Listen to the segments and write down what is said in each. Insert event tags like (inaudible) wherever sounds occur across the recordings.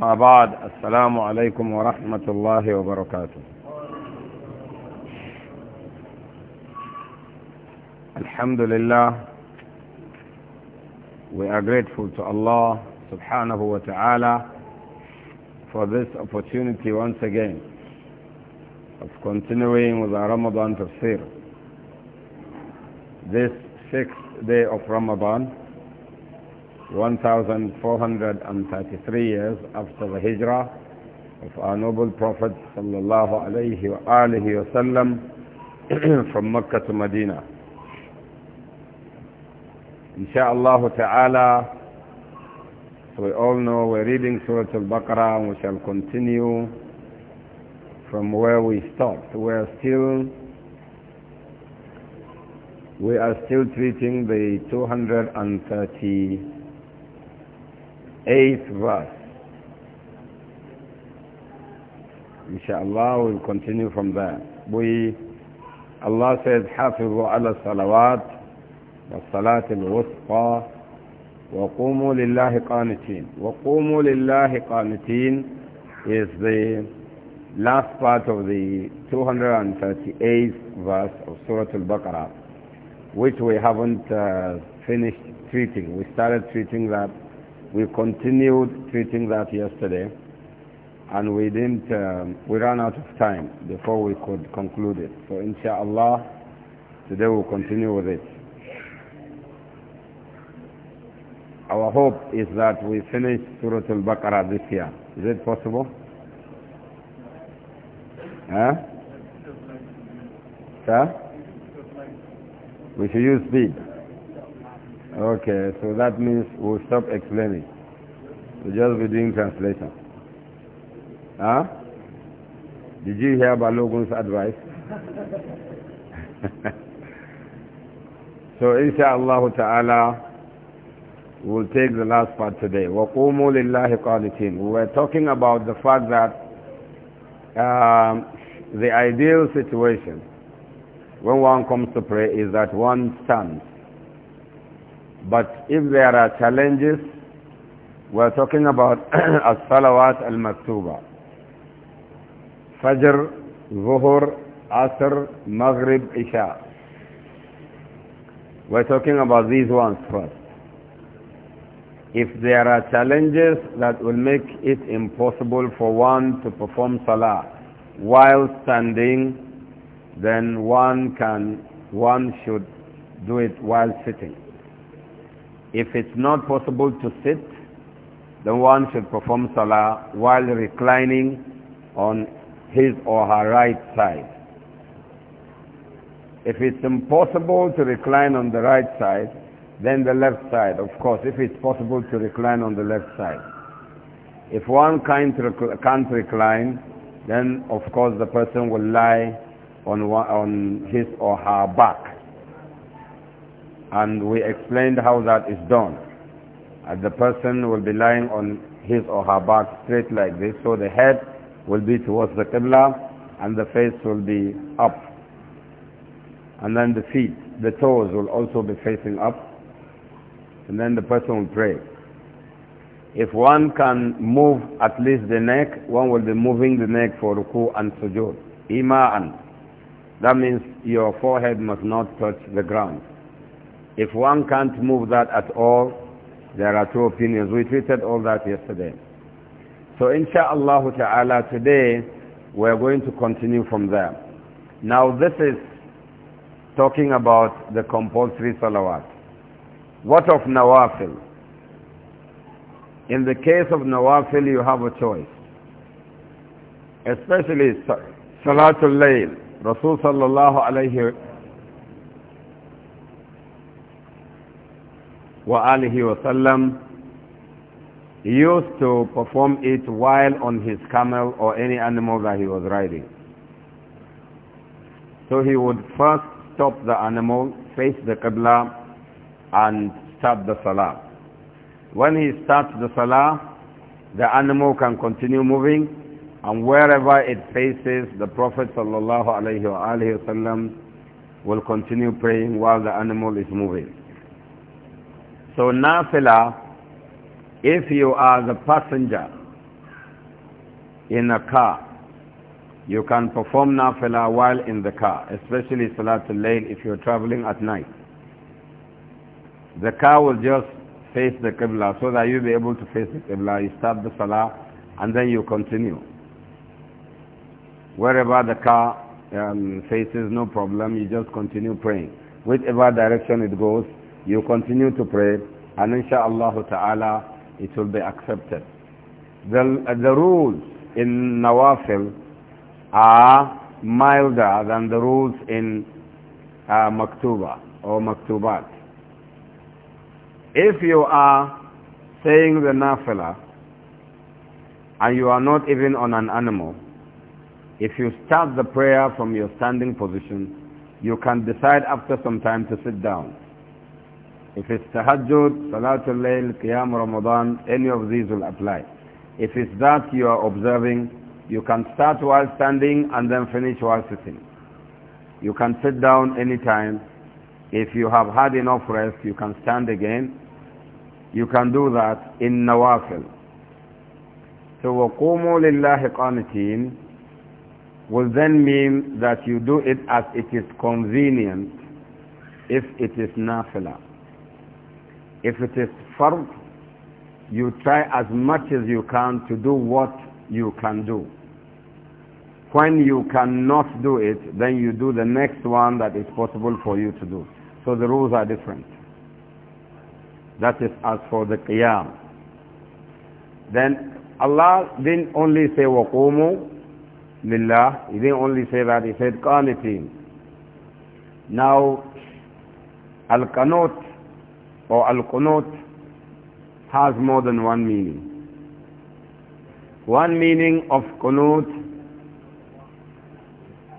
ما بعد السلام عليكم ورحمة الله وبركاته الحمد لله We are grateful to Allah subhanahu wa ta'ala for this opportunity once again of continuing with our Ramadan tafsir. This sixth day of Ramadan 1433 years after the hijrah of our noble prophet sallallahu alayhi wa alihi wasallam (clears throat) from Mecca to Medina. Insha'Allah ta'ala, so we all know we're reading Surah Al-Baqarah and we shall continue from where we stopped. We are still we are still treating the 230 eighth verse. Inshallah, we'll continue from there. We, Allah says, حافظوا على الصلوات والصلاة الوسطى وقوموا لله قانتين. وقوموا لله قانتين is the last part of the 238th verse of Surah Al-Baqarah, which we haven't uh, finished treating. We started treating that we continued treating that yesterday and we didn't, um, we ran out of time before we could conclude it. So inshallah, today we'll continue with it. Our hope is that we finish Surah Al-Baqarah this year. Is it possible? Huh? Sir? We should use speed. Okay, so that means we'll stop explaining. We'll just be doing translation. Huh? Did you hear Balogun's advice? (laughs) so inshallah ta'ala, we'll take the last part today. وَقُومُوا لِلَّهِ We were talking about the fact that um, the ideal situation when one comes to pray is that one stands but if there are challenges, we're talking about (clears throat) as-salawat al-maktuba. Fajr, Zuhur, Asr, Maghrib, Isha. We're talking about these ones first. If there are challenges that will make it impossible for one to perform salah while standing, then one can, one should do it while sitting. If it's not possible to sit, then one should perform salah while reclining on his or her right side. If it's impossible to recline on the right side, then the left side, of course, if it's possible to recline on the left side. If one can't, rec can't recline, then of course the person will lie on, on his or her back and we explained how that is done. And the person will be lying on his or her back straight like this, so the head will be towards the Qibla and the face will be up. And then the feet, the toes will also be facing up. And then the person will pray. If one can move at least the neck, one will be moving the neck for ruku and sujood. Ima'an. That means your forehead must not touch the ground. If one can't move that at all, there are two opinions. We treated all that yesterday. So insha'Allah ta'ala today we're going to continue from there. Now this is talking about the compulsory salawat. What of nawafil? In the case of nawafil you have a choice. Especially salatul layl. Rasul sallallahu alayhi وآله وسلم used to perform it while on his camel or any animal that he was riding. So he would first stop the animal, face the Qibla and start the Salah. When he starts the Salah, the animal can continue moving and wherever it faces, the Prophet sallallahu alayhi wa will continue praying while the animal is moving. So nafila, if you are the passenger in a car, you can perform nafila while in the car, especially Salatul Layl if you're traveling at night. The car will just face the Qibla so that you'll be able to face the Qibla. You start the Salah and then you continue. Wherever the car um, faces, no problem, you just continue praying. Whichever direction it goes, you continue to pray and insha'Allah ta'ala it will be accepted. The, the rules in Nawafil are milder than the rules in uh, Maktuba or Maktubat. If you are saying the Nafila and you are not even on an animal, if you start the prayer from your standing position, you can decide after some time to sit down. If it's tahajjud, salatul layl, qiyam Ramadan, any of these will apply. If it's that you are observing, you can start while standing and then finish while sitting. You can sit down anytime. If you have had enough rest, you can stand again. You can do that in nawafil. So وَقُومُوا لِلَّهِ قَانِتِينَ will then mean that you do it as it is convenient if it is nawafil. If it is firm, you try as much as you can to do what you can do. When you cannot do it, then you do the next one that is possible for you to do. So the rules are different. That is as for the Qiyam. Then Allah didn't only say وَقُومُوا لِلَّهِ He didn't only say that, He said قَانِتِينَ Now, Al-Qanut or Al-Qunut has more than one meaning. One meaning of Qunut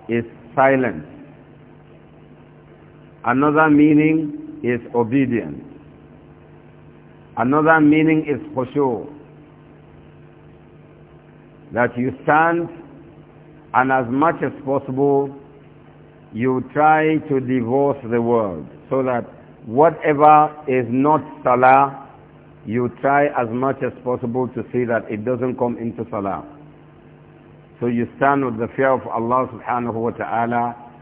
is silence. Another meaning is obedience. Another meaning is khushu. That you stand and as much as possible you try to divorce the world so that whatever is not salah, you try as much as possible to see that it doesn't come into salah. So you stand with the fear of Allah subhanahu wa ta'ala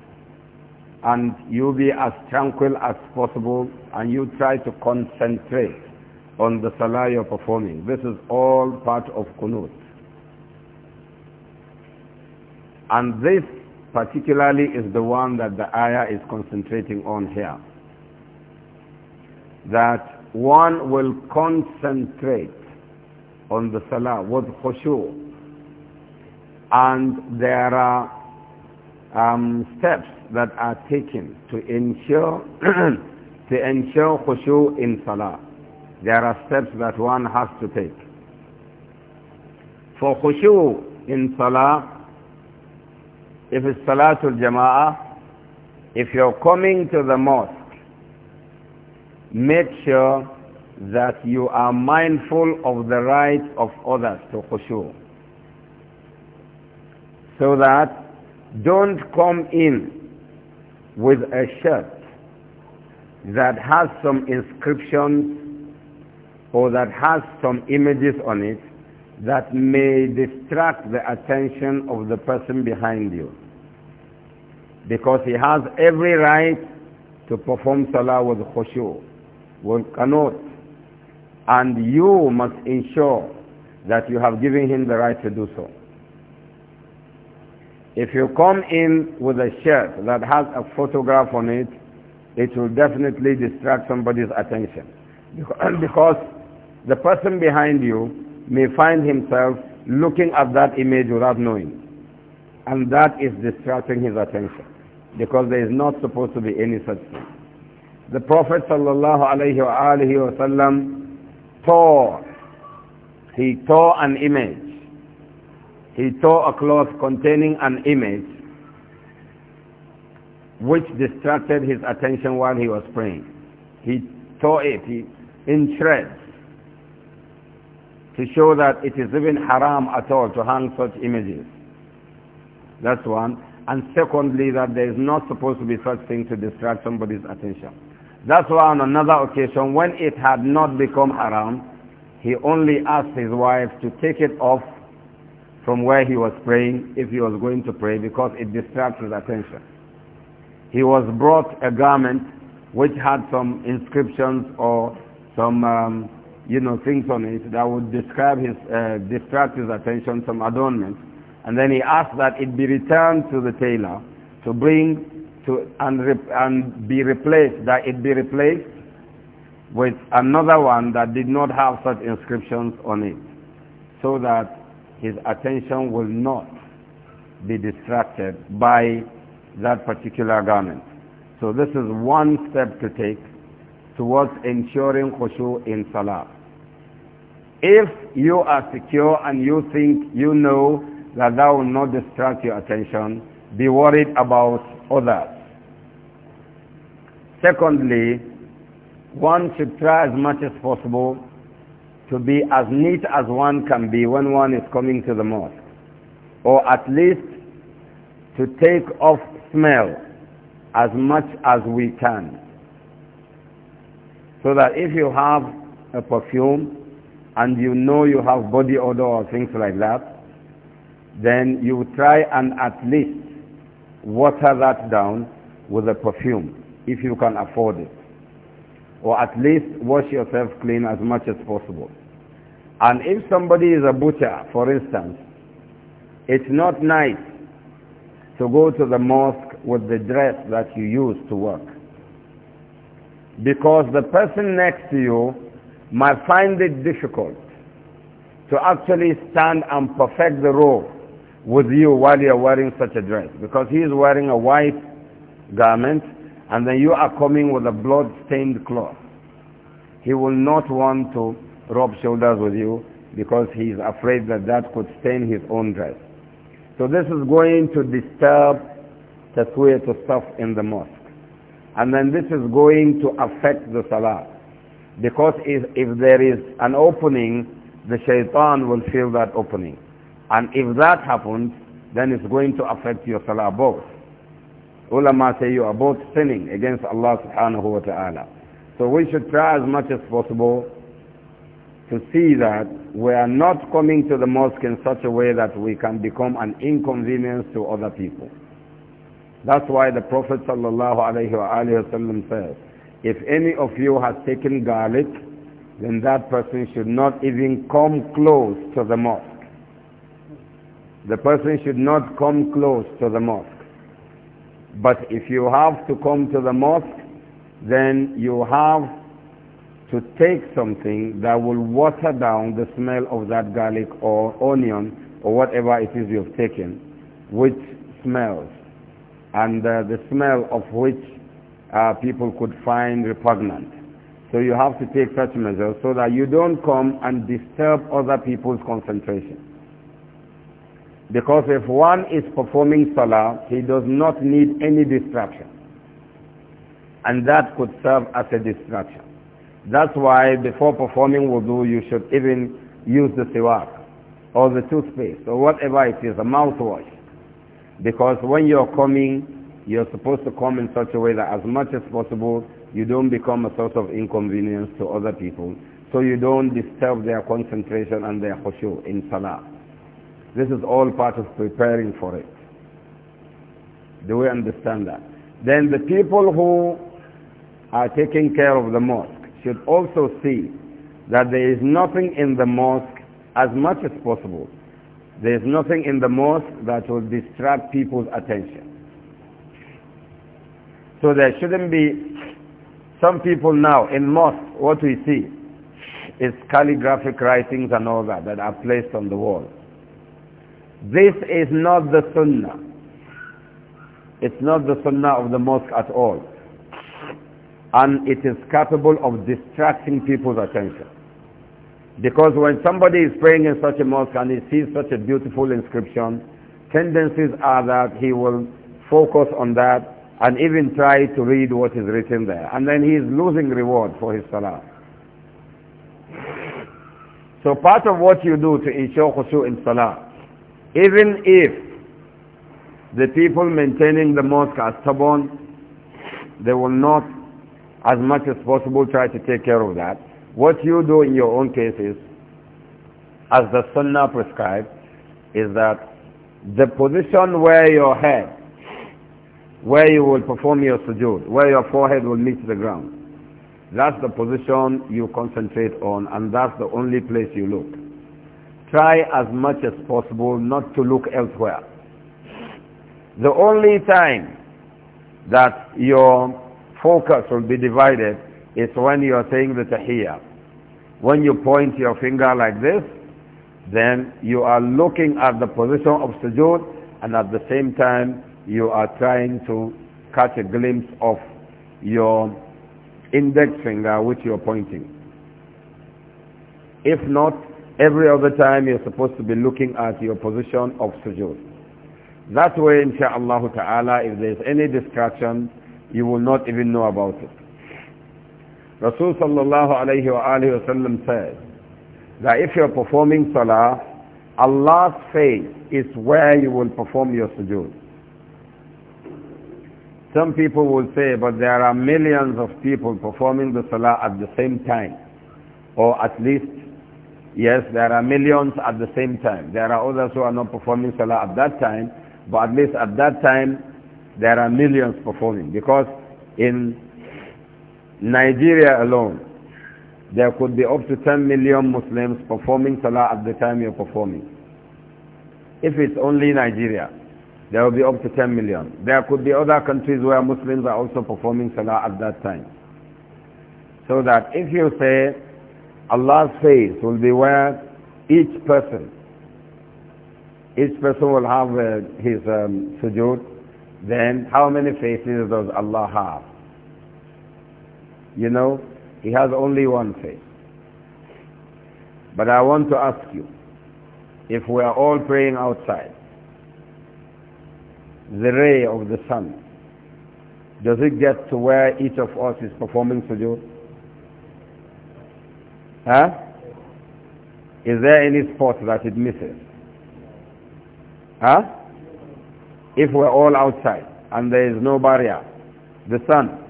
and you be as tranquil as possible and you try to concentrate on the salah you're performing. This is all part of kunut. And this particularly is the one that the ayah is concentrating on here that one will concentrate on the salah with khushu. And there are um, steps that are taken to ensure (clears throat) to ensure khushu in salah. There are steps that one has to take. For khushu in salah, if it's salatul jama'ah, if you're coming to the mosque make sure that you are mindful of the rights of others to khushu. So that don't come in with a shirt that has some inscriptions or that has some images on it that may distract the attention of the person behind you. Because he has every right to perform salah with khushu' One cannot. And you must ensure that you have given him the right to do so. If you come in with a shirt that has a photograph on it, it will definitely distract somebody's attention. (coughs) Because the person behind you may find himself looking at that image without knowing. And that is distracting his attention. Because there is not supposed to be any such thing the Prophet sallallahu tore, he tore an image. He tore a cloth containing an image which distracted his attention while he was praying. He tore it he, in shreds to show that it is even haram at all to hang such images. That's one. And secondly, that there is not supposed to be such thing to distract somebody's attention. That's why on another occasion, when it had not become around, he only asked his wife to take it off from where he was praying if he was going to pray because it distracts his attention. He was brought a garment which had some inscriptions or some, um, you know, things on it that would describe his, uh, distract his attention, some adornment, And then he asked that it be returned to the tailor to bring to and, and be replaced, that it be replaced with another one that did not have such inscriptions on it, so that his attention will not be distracted by that particular garment. So this is one step to take towards ensuring khushu in salah. If you are secure and you think you know that that will not distract your attention, be worried about others. Secondly, one should try as much as possible to be as neat as one can be when one is coming to the mosque. Or at least to take off smell as much as we can. So that if you have a perfume and you know you have body odor or things like that, then you try and at least water that down with a perfume if you can afford it. Or at least wash yourself clean as much as possible. And if somebody is a butcher, for instance, it's not nice to go to the mosque with the dress that you use to work. Because the person next to you might find it difficult to actually stand and perfect the role with you while you're wearing such a dress. Because he is wearing a white garment and then you are coming with a blood-stained cloth. He will not want to rub shoulders with you because he is afraid that that could stain his own dress. So this is going to disturb the way to stuff in the mosque. And then this is going to affect the salah. Because if, if there is an opening, the shaitan will fill that opening. And if that happens, then it's going to affect your salah both. Ulama say you are both sinning against Allah subhanahu wa ta'ala. So we should try as much as possible to see that we are not coming to the mosque in such a way that we can become an inconvenience to other people. That's why the Prophet sallallahu alayhi wa says, if any of you has taken garlic, then that person should not even come close to the mosque. The person should not come close to the mosque. But if you have to come to the mosque, then you have to take something that will water down the smell of that garlic or onion or whatever it is you've taken, which smells, and uh, the smell of which uh, people could find repugnant. So you have to take such measures so that you don't come and disturb other people's concentration. Because if one is performing salah, he does not need any distraction. And that could serve as a distraction. That's why before performing wudu, you should even use the siwak or the toothpaste or whatever it is, a mouthwash. Because when you're coming, you're supposed to come in such a way that as much as possible, you don't become a source of inconvenience to other people. So you don't disturb their concentration and their khushu in salah. This is all part of preparing for it. Do we understand that? Then the people who are taking care of the mosque should also see that there is nothing in the mosque as much as possible. There is nothing in the mosque that will distract people's attention. So there shouldn't be some people now in mosque, what we see is calligraphic writings and all that that are placed on the wall. This is not the sunnah. It's not the sunnah of the mosque at all. And it is capable of distracting people's attention. Because when somebody is praying in such a mosque and he sees such a beautiful inscription, tendencies are that he will focus on that and even try to read what is written there. And then he is losing reward for his salah. So part of what you do to ensure khushu in salah even if the people maintaining the mosque are stubborn, they will not, as much as possible, try to take care of that. What you do in your own case is, as the sunnah prescribes, is that the position where your head, where you will perform your sujood, where your forehead will meet the ground, that's the position you concentrate on and that's the only place you look try as much as possible not to look elsewhere. The only time that your focus will be divided is when you are saying the tahiyyah. When you point your finger like this, then you are looking at the position of sujood and at the same time you are trying to catch a glimpse of your index finger which you are pointing. If not, Every other time you're supposed to be looking at your position of sujood. That way, insha'Allah ta'ala, if there's any distraction, you will not even know about it. Rasul sallallahu alayhi wa alayhi wa sallam says that if you're performing salah, Allah's face is where you will perform your sujood. Some people will say, but there are millions of people performing the salah at the same time, or at least Yes, there are millions at the same time. There are others who are not performing salah at that time, but at least at that time, there are millions performing. Because in Nigeria alone, there could be up to 10 million Muslims performing salah at the time you're performing. If it's only Nigeria, there will be up to 10 million. There could be other countries where Muslims are also performing salah at that time. So that if you say, Allah's face will be where each person, each person will have uh, his um, sujood. Then how many faces does Allah have? You know, He has only one face. But I want to ask you, if we are all praying outside, the ray of the sun, does it get to where each of us is performing sujood? Huh? Is there any spot that it misses? Huh? If we're all outside and there is no barrier, the sun,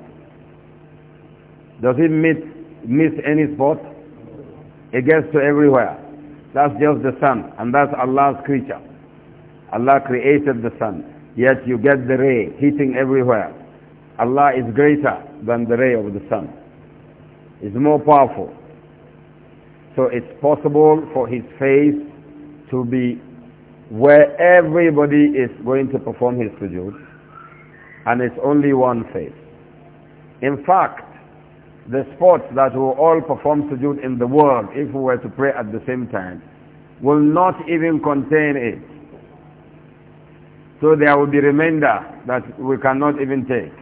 does it miss miss any spot? It gets to everywhere. That's just the sun, and that's Allah's creature. Allah created the sun, yet you get the ray hitting everywhere. Allah is greater than the ray of the sun. It's more powerful. So it's possible for his face to be where everybody is going to perform his sujood and it's only one face. In fact, the spots that will all perform sujood in the world if we were to pray at the same time will not even contain it. So there will be remainder that we cannot even take.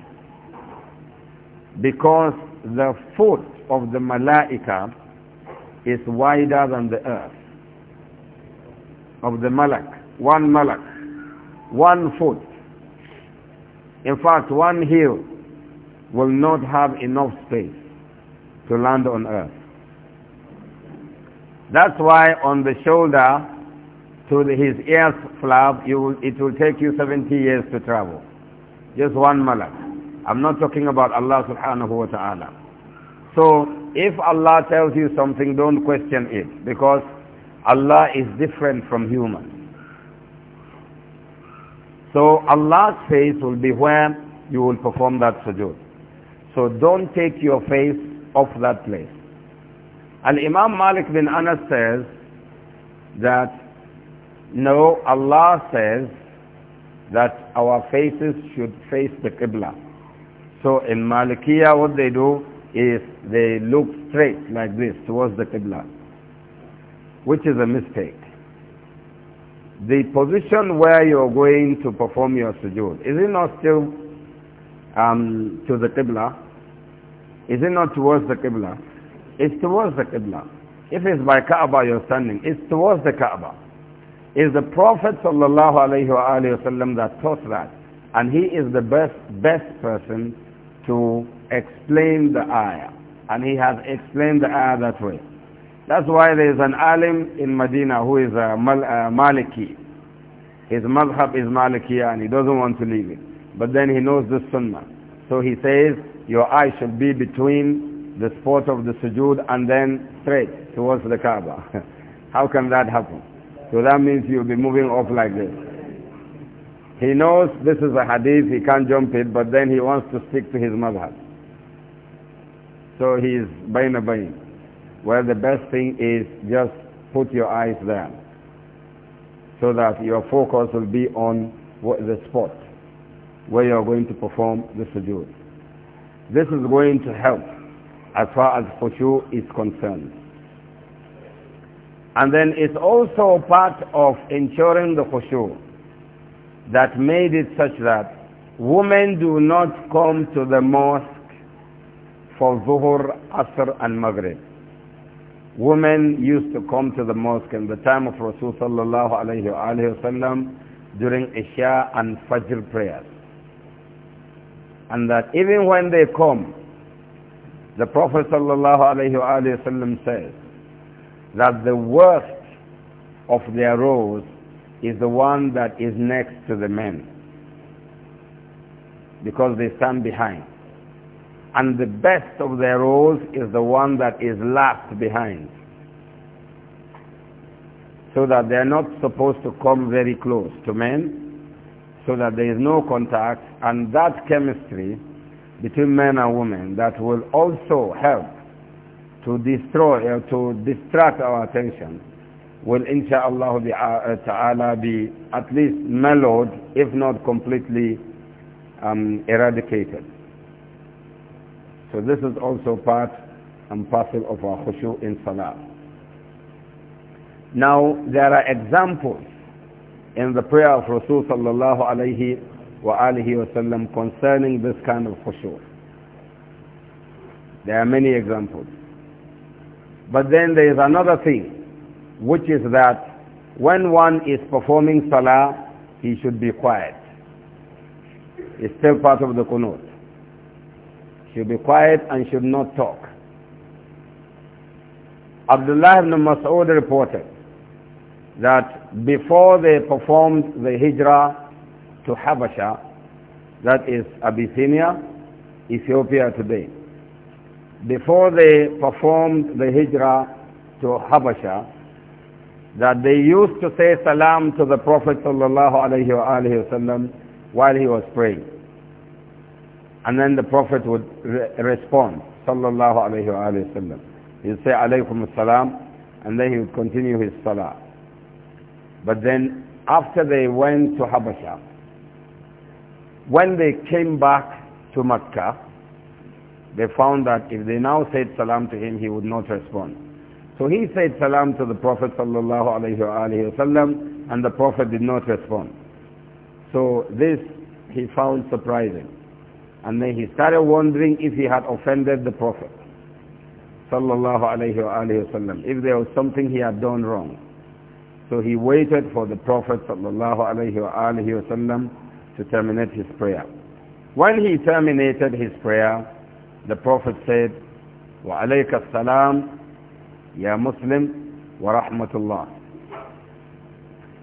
Because the foot of the malaika is wider than the earth of the malak. One malak. One foot. In fact, one hill will not have enough space to land on earth. That's why on the shoulder to the, his ears flap, will, it will take you 70 years to travel. Just one malak. I'm not talking about Allah subhanahu wa ta'ala. So if Allah tells you something, don't question it because Allah is different from humans. So Allah's face will be where you will perform that sujood. So don't take your face off that place. And Imam Malik bin Anas says that no, Allah says that our faces should face the Qibla. So in Malikiya what they do, if they look straight like this towards the Qibla, which is a mistake. The position where you're going to perform your sujood, is it not still um, to the Qibla? Is it not towards the Qibla? It's towards the Qibla. If it's by Kaaba you're standing, it's towards the Kaaba. It's the Prophet ﷺ that taught that. And he is the best, best person to explained the ayah. And he has explained the ayah that way. That's why there is an alim in Medina who is a uh, Mal uh, Maliki. His madhab is Maliki, and he doesn't want to leave it. But then he knows the sunnah. So he says, your eye should be between the spot of the sujood and then straight towards the Kaaba. (laughs) How can that happen? So that means you'll be moving off like this. He knows this is a hadith, he can't jump it, but then he wants to stick to his madhab. So he is bain bain. Well, the best thing is just put your eyes there so that your focus will be on the spot where you are going to perform the sujood. This is going to help as far as khushu is concerned. And then it's also part of ensuring the khushu that made it such that women do not come to the mosque for Zuhur, Asr and Maghrib. Women used to come to the mosque in the time of Rasulullah sallallahu alayhi wa sallam during Isha and Fajr prayers. And that even when they come, the Prophet sallallahu alayhi wa sallam says that the worst of their rows is the one that is next to the men because they stand behind. And the best of their roles is the one that is last behind. So that they're not supposed to come very close to men, so that there is no contact, and that chemistry between men and women that will also help to destroy, uh, to distract our attention will insha'Allah uh, uh, ta'ala be at least mellowed, if not completely um, eradicated. So this is also part and parcel of our khushu in salah. Now there are examples in the prayer of Rasul sallallahu alayhi wa alihi concerning this kind of khushu. There are many examples. But then there is another thing, which is that when one is performing salah, he should be quiet. It's still part of the qunut should be quiet and should not talk. Abdullah ibn Mas'ud reported that before they performed the hijrah to Habasha, that is Abyssinia, Ethiopia today, before they performed the hijrah to Habasha, that they used to say salam to the Prophet sallallahu alaihi wasallam while he was praying. And then the Prophet would re respond, sallallahu alayhi wa sallam. He'd say, alaykum as-salam, and then he would continue his salah. But then after they went to Habasha, when they came back to Mecca, they found that if they now said salam to him, he would not respond. So he said salam to the Prophet sallallahu alayhi wa sallam, and the Prophet did not respond. So this he found surprising. And then he started wondering if he had offended the Prophet. Sallallahu alayhi wasallam. If there was something he had done wrong. So he waited for the Prophet sallallahu alayhi wasallam to terminate his prayer. When he terminated his prayer, the Prophet said, "Wa وَعَلَيْكَ salam, ya Muslim wa rahmatullah."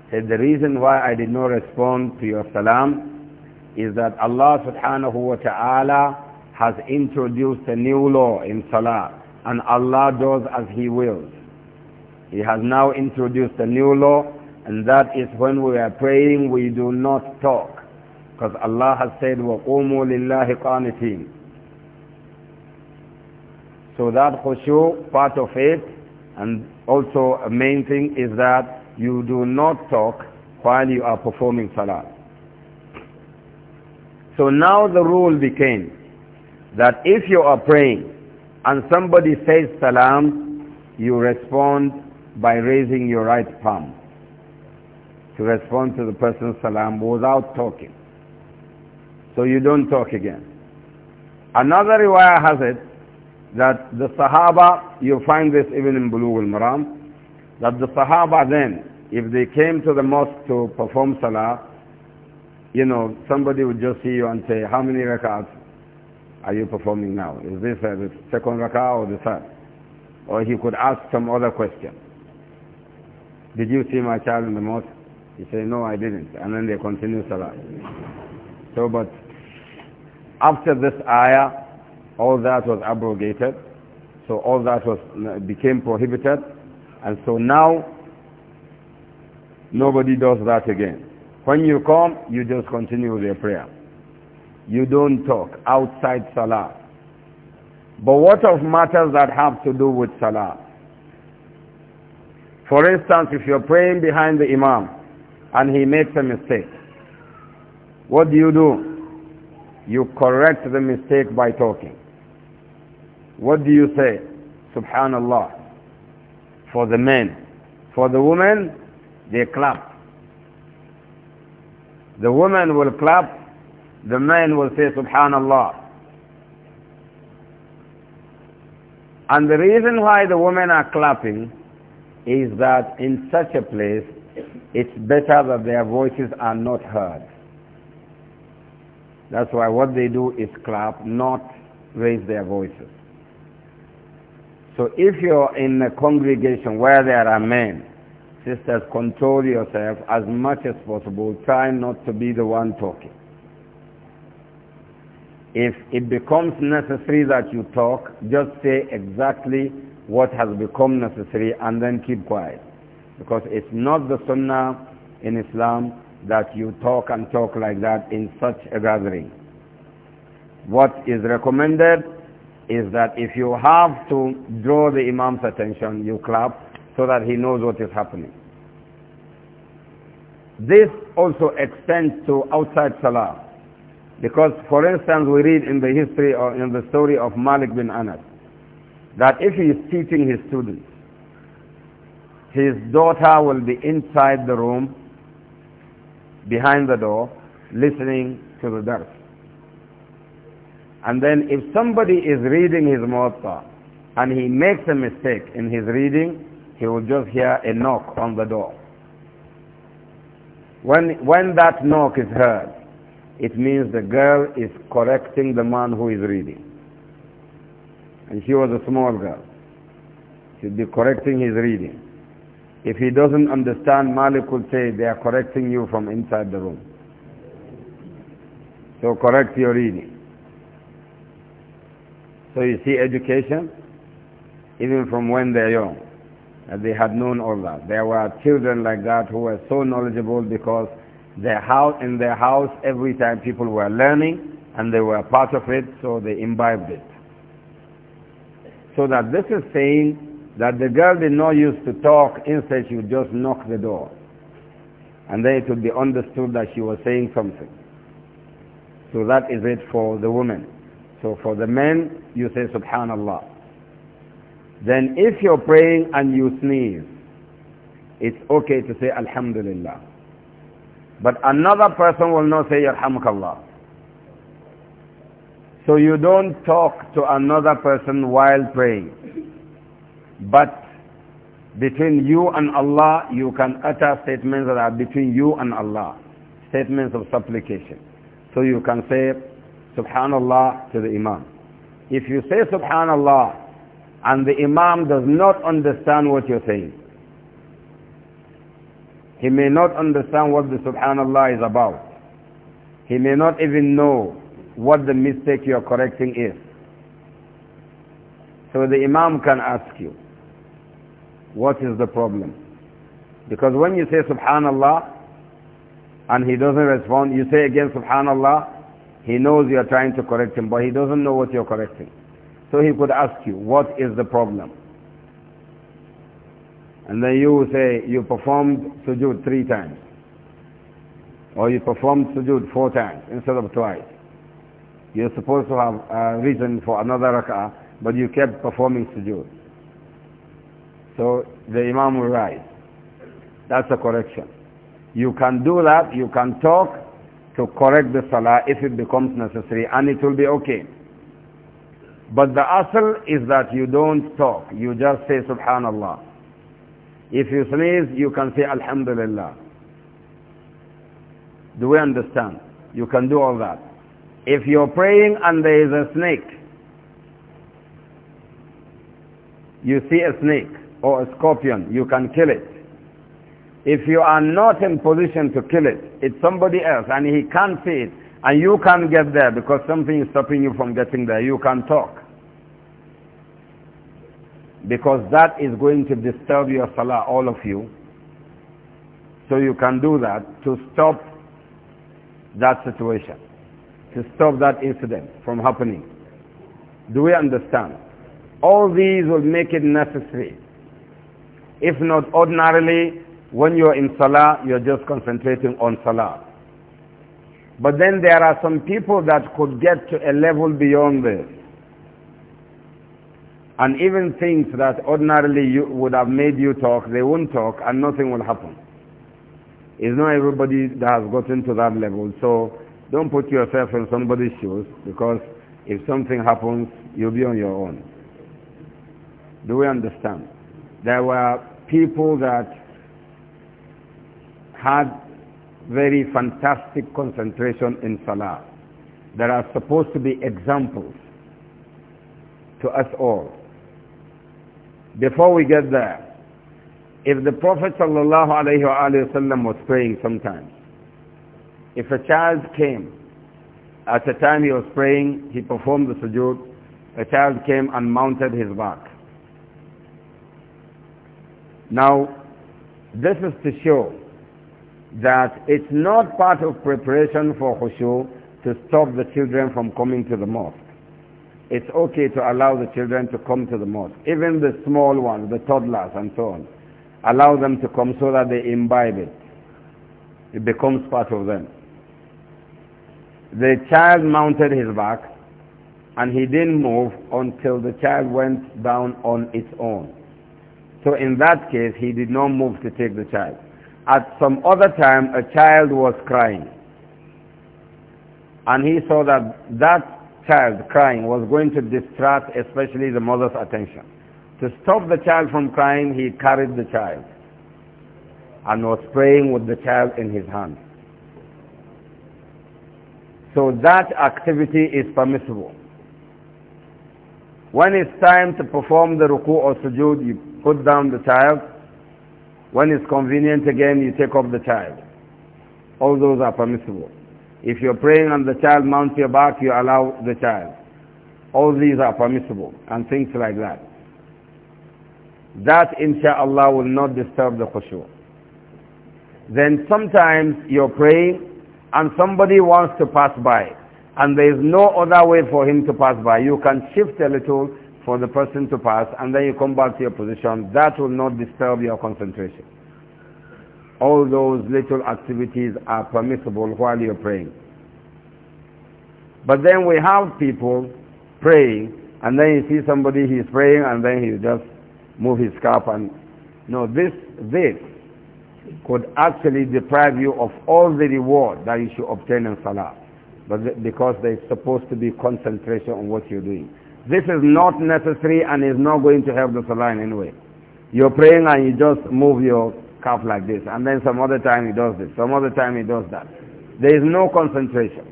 said, the reason why I did not respond to your salam is that Allah subhanahu wa ta'ala has introduced a new law in Salah and Allah does as He wills. He has now introduced a new law and that is when we are praying we do not talk because Allah has said وَقُومُوا لِلَّهِ قَانِتِينَ So that khushu, part of it and also a main thing is that you do not talk while you are performing Salah. So now the rule became that if you are praying and somebody says salam, you respond by raising your right palm to respond to the person's salam without talking. So you don't talk again. Another riwayah has it that the Sahaba, you find this even in Bulugh al-Maram, that the Sahaba then, if they came to the mosque to perform salah, you know, somebody would just see you and say, how many rak'ahs are you performing now? Is this uh, the second rak'ah or the third? Or he could ask some other question. Did you see my child in the mosque? He said, no, I didn't. And then they continue salah. So, but after this ayah, all that was abrogated. So all that was became prohibited. And so now, nobody does that again. When you come, you just continue with your prayer. You don't talk outside Salah. But what of matters that have to do with Salah? For instance, if you're praying behind the Imam and he makes a mistake, what do you do? You correct the mistake by talking. What do you say? Subhanallah. For the men. For the women, they clap. The woman will clap, the man will say subhanallah. And the reason why the women are clapping is that in such a place, it's better that their voices are not heard. That's why what they do is clap, not raise their voices. So if you're in a congregation where there are men, Sisters, control yourself as much as possible. Try not to be the one talking. If it becomes necessary that you talk, just say exactly what has become necessary and then keep quiet. Because it's not the sunnah in Islam that you talk and talk like that in such a gathering. What is recommended is that if you have to draw the Imam's attention, you clap so that he knows what is happening. This also extends to outside Salah. Because, for instance, we read in the history or in the story of Malik bin Anas that if he is teaching his students, his daughter will be inside the room, behind the door, listening to the dars. And then if somebody is reading his muwatta and he makes a mistake in his reading, he will just hear a knock on the door. When, when that knock is heard, it means the girl is correcting the man who is reading. And she was a small girl. She'd be correcting his reading. If he doesn't understand, Malik would say, they are correcting you from inside the room. So correct your reading. So you see education, even from when they're young they had known all that. There were children like that who were so knowledgeable because their house, in their house every time people were learning and they were part of it, so they imbibed it. So that this is saying that the girl did not used to talk, instead she would just knock the door. And then it would be understood that she was saying something. So that is it for the woman. So for the men, you say subhanallah. Then if you're praying and you sneeze, it's okay to say Alhamdulillah. But another person will not say Yarhamukallah. So you don't talk to another person while praying. But between you and Allah, you can utter statements that are between you and Allah. Statements of supplication. So you can say Subhanallah to the Imam. If you say Subhanallah and the imam does not understand what you're saying. He may not understand what the subhanallah is about. He may not even know what the mistake you're correcting is. So the imam can ask you, what is the problem? Because when you say subhanallah and he doesn't respond, you say again subhanallah, he knows you're trying to correct him, but he doesn't know what you're correcting. So he could ask you, what is the problem? And then you say, you performed sujood three times. Or you performed sujood four times instead of twice. You're supposed to have a uh, reason for another rak'ah, but you kept performing sujood. So the imam will rise. That's a correction. You can do that, you can talk to correct the salah if it becomes necessary, and it will be okay. But the asl is that you don't talk. You just say subhanallah. If you sneeze, you can say alhamdulillah. Do we understand? You can do all that. If you're praying and there is a snake, you see a snake or a scorpion, you can kill it. If you are not in position to kill it, it's somebody else and he can't see it and you can't get there because something is stopping you from getting there. You can talk because that is going to disturb your salah, all of you. So you can do that to stop that situation, to stop that incident from happening. Do we understand? All these will make it necessary. If not ordinarily, when you're in salah, you're just concentrating on salah. But then there are some people that could get to a level beyond this and even things that ordinarily you would have made you talk, they won't talk and nothing will happen. It's not everybody that has gotten to that level. So don't put yourself in somebody's shoes because if something happens, you'll be on your own. Do we understand? There were people that had very fantastic concentration in Salah. There are supposed to be examples to us all before we get there, if the Prophet ﷺ was praying sometimes, if a child came, at the time he was praying, he performed the sujood, a child came and mounted his back. Now, this is to show that it's not part of preparation for khushu to stop the children from coming to the mosque it's okay to allow the children to come to the mosque, even the small ones, the toddlers and so on. Allow them to come so that they imbibe it. It becomes part of them. The child mounted his back and he didn't move until the child went down on its own. So in that case, he did not move to take the child. At some other time, a child was crying. And he saw that that child crying was going to distract especially the mother's attention. To stop the child from crying, he carried the child and was praying with the child in his hand. So that activity is permissible. When it's time to perform the ruku or sujood, you put down the child. When it's convenient again, you take off the child. All those are permissible. If you're praying and the child mounts your back, you allow the child. All these are permissible and things like that. That insha'Allah will not disturb the khushu. Then sometimes you're praying and somebody wants to pass by and there is no other way for him to pass by. You can shift a little for the person to pass and then you come back to your position. That will not disturb your concentration all those little activities are permissible while you're praying. But then we have people praying and then you see somebody he's praying and then he just move his scarf and no this this could actually deprive you of all the reward that you should obtain in salah but th because there is supposed to be concentration on what you're doing this is not necessary and is not going to help the salah in any way you're praying and you just move your Cough like this, and then some other time he does this, some other time he does that. There is no concentration.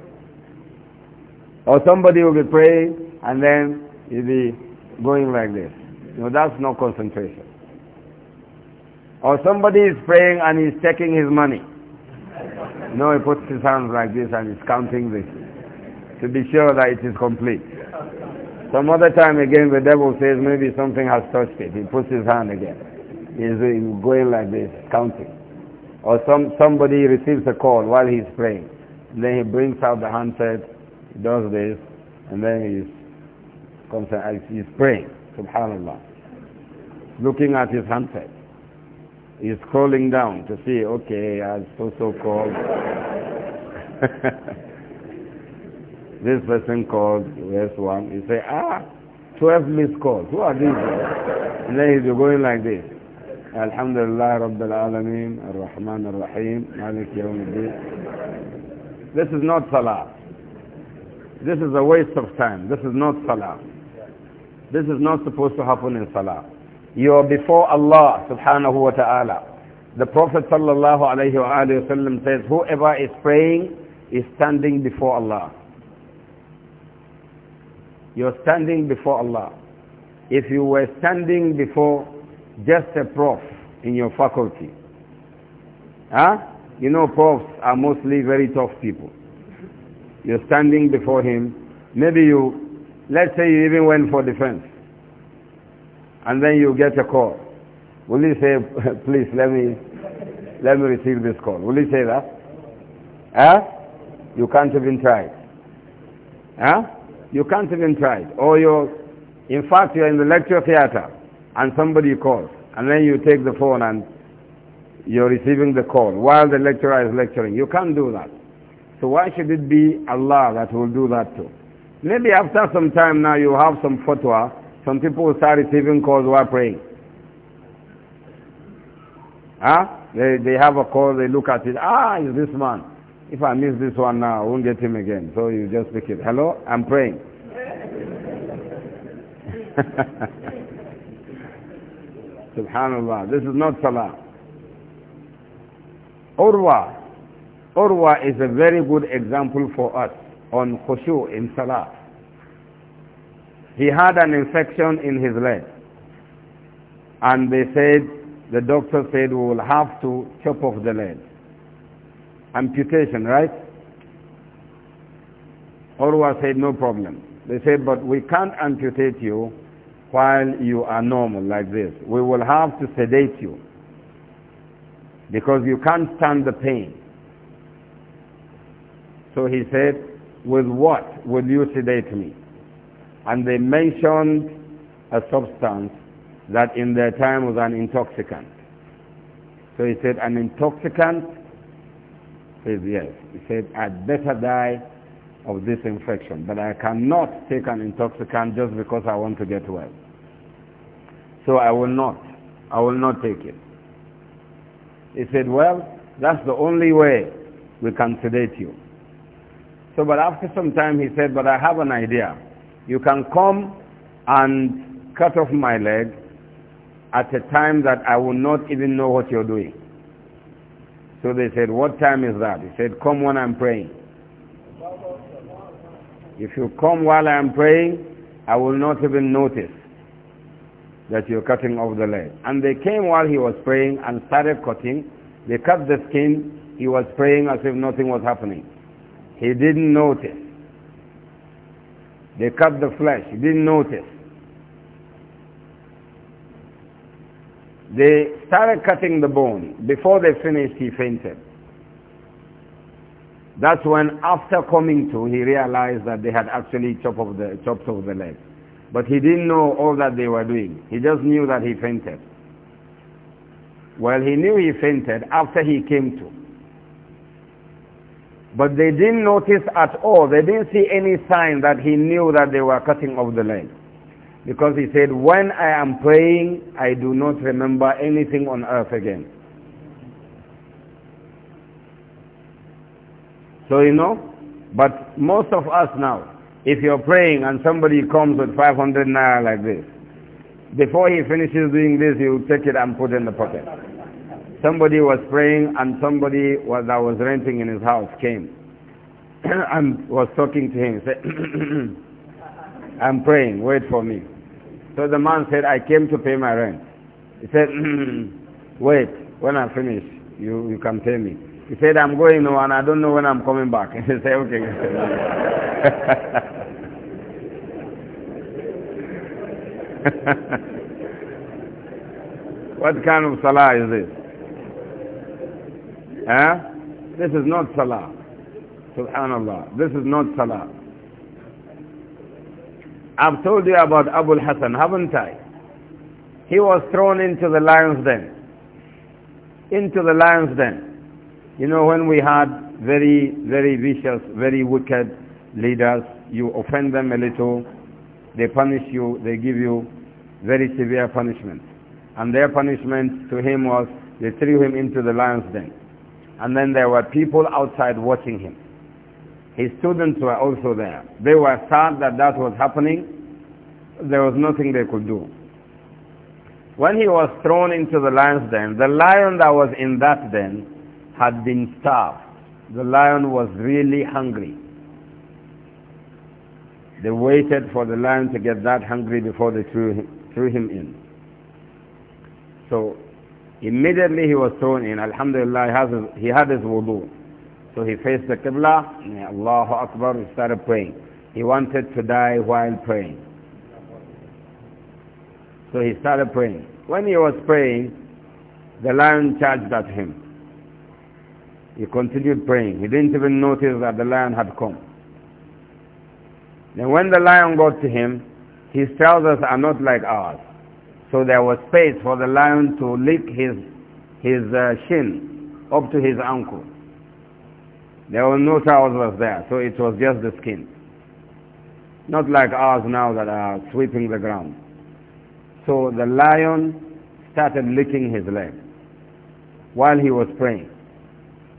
Or somebody will be praying, and then he'll be going like this. You know, that's no concentration. Or somebody is praying and he's checking his money. You no, know, he puts his hands like this and he's counting this to be sure that it is complete. Some other time again the devil says maybe something has touched it. He puts his hand again is going like this, counting. Or some, somebody receives a call while he's praying. Then he brings out the handset, he does this, and then he's, comes and he's praying, subhanAllah. Looking at his handset. He's scrolling down to see, okay, I so-so called. (laughs) this person called, this one. He say, ah, 12 missed calls. Who are these? and then he's going like this. الحمد لله رب العالمين الرحمن الرحيم مالك يوم الدين This is not salah. This is a waste of time. This is not salah. This is not supposed to happen in salah. You are before Allah subhanahu wa ta'ala. The Prophet sallallahu alayhi wa says, whoever is praying is standing before Allah. You're standing before Allah. If you were standing before just a prof in your faculty. Huh? You know, profs are mostly very tough people. You're standing before him. Maybe you, let's say you even went for defense. And then you get a call. Will you say, (laughs) please, let me, let me receive this call? Will you say that? Huh? You can't even try it. Huh? You can't even try it. Or you're, in fact, you're in the lecture theater and somebody calls, and then you take the phone and you're receiving the call while the lecturer is lecturing. You can't do that. So why should it be Allah that will do that too? Maybe after some time now you have some fatwa, some people will start receiving calls while praying. Ah, huh? They, they have a call, they look at it, ah, it's this man. If I miss this one now, I won't get him again. So you just pick it. Hello, I'm praying. (laughs) (laughs) Subhanallah, this is not salah. Urwa. Urwa is a very good example for us on khushu in salah. He had an infection in his leg. And they said, the doctor said, we will have to chop off the leg. Amputation, right? Urwa said, no problem. They said, but we can't amputate you while you are normal like this. We will have to sedate you because you can't stand the pain. So he said, with what will you sedate me? And they mentioned a substance that in their time was an intoxicant. So he said, an intoxicant? He says, yes. He said, I'd better die of this infection. But I cannot take an intoxicant just because I want to get well. So I will not. I will not take it. He said, well, that's the only way we can sedate you. So, but after some time he said, but I have an idea. You can come and cut off my leg at a time that I will not even know what you're doing. So they said, what time is that? He said, come when I'm praying. If you come while I am praying, I will not even notice that you're cutting off the leg. And they came while he was praying and started cutting. They cut the skin. He was praying as if nothing was happening. He didn't notice. They cut the flesh. He didn't notice. They started cutting the bone. Before they finished, he fainted. That's when after coming to, he realized that they had actually chopped off the, chopped off the leg. But he didn't know all that they were doing. He just knew that he fainted. Well, he knew he fainted after he came to. But they didn't notice at all. They didn't see any sign that he knew that they were cutting off the leg. Because he said, when I am praying, I do not remember anything on earth again. So you know, but most of us now, if you're praying and somebody comes with 500 naira like this, before he finishes doing this, he will take it and put it in the pocket. Somebody was praying and somebody was, that was renting in his house came (coughs) and was talking to him. Said, (coughs) I'm praying, wait for me. So the man said, I came to pay my rent. He said, (coughs) wait, when I finish, you, you can pay me. He said, I'm going now and I don't know when I'm coming back. And (laughs) said, okay. (laughs) what kind of salah is this? Huh? This is not salah. Subhanallah. This is not salah. I've told you about Abu Hassan, haven't I? He was thrown into the lion's den. Into the lion's den. You know, when we had very, very vicious, very wicked leaders, you offend them a little, they punish you, they give you very severe punishment. And their punishment to him was they threw him into the lion's den. And then there were people outside watching him. His students were also there. They were sad that that was happening. There was nothing they could do. When he was thrown into the lion's den, the lion that was in that den had been starved. The lion was really hungry. They waited for the lion to get that hungry before they threw him, threw him in. So immediately he was thrown in. Alhamdulillah, he, has his, he had his wudu. So he faced the Qibla, and Allahu Akbar, he started praying. He wanted to die while praying. So he started praying. When he was praying, the lion charged at him. He continued praying. He didn't even notice that the lion had come. Then when the lion got to him, his trousers are not like ours. So there was space for the lion to lick his, his uh, shin up to his ankle. There were no trousers there, so it was just the skin. Not like ours now that are sweeping the ground. So the lion started licking his leg while he was praying.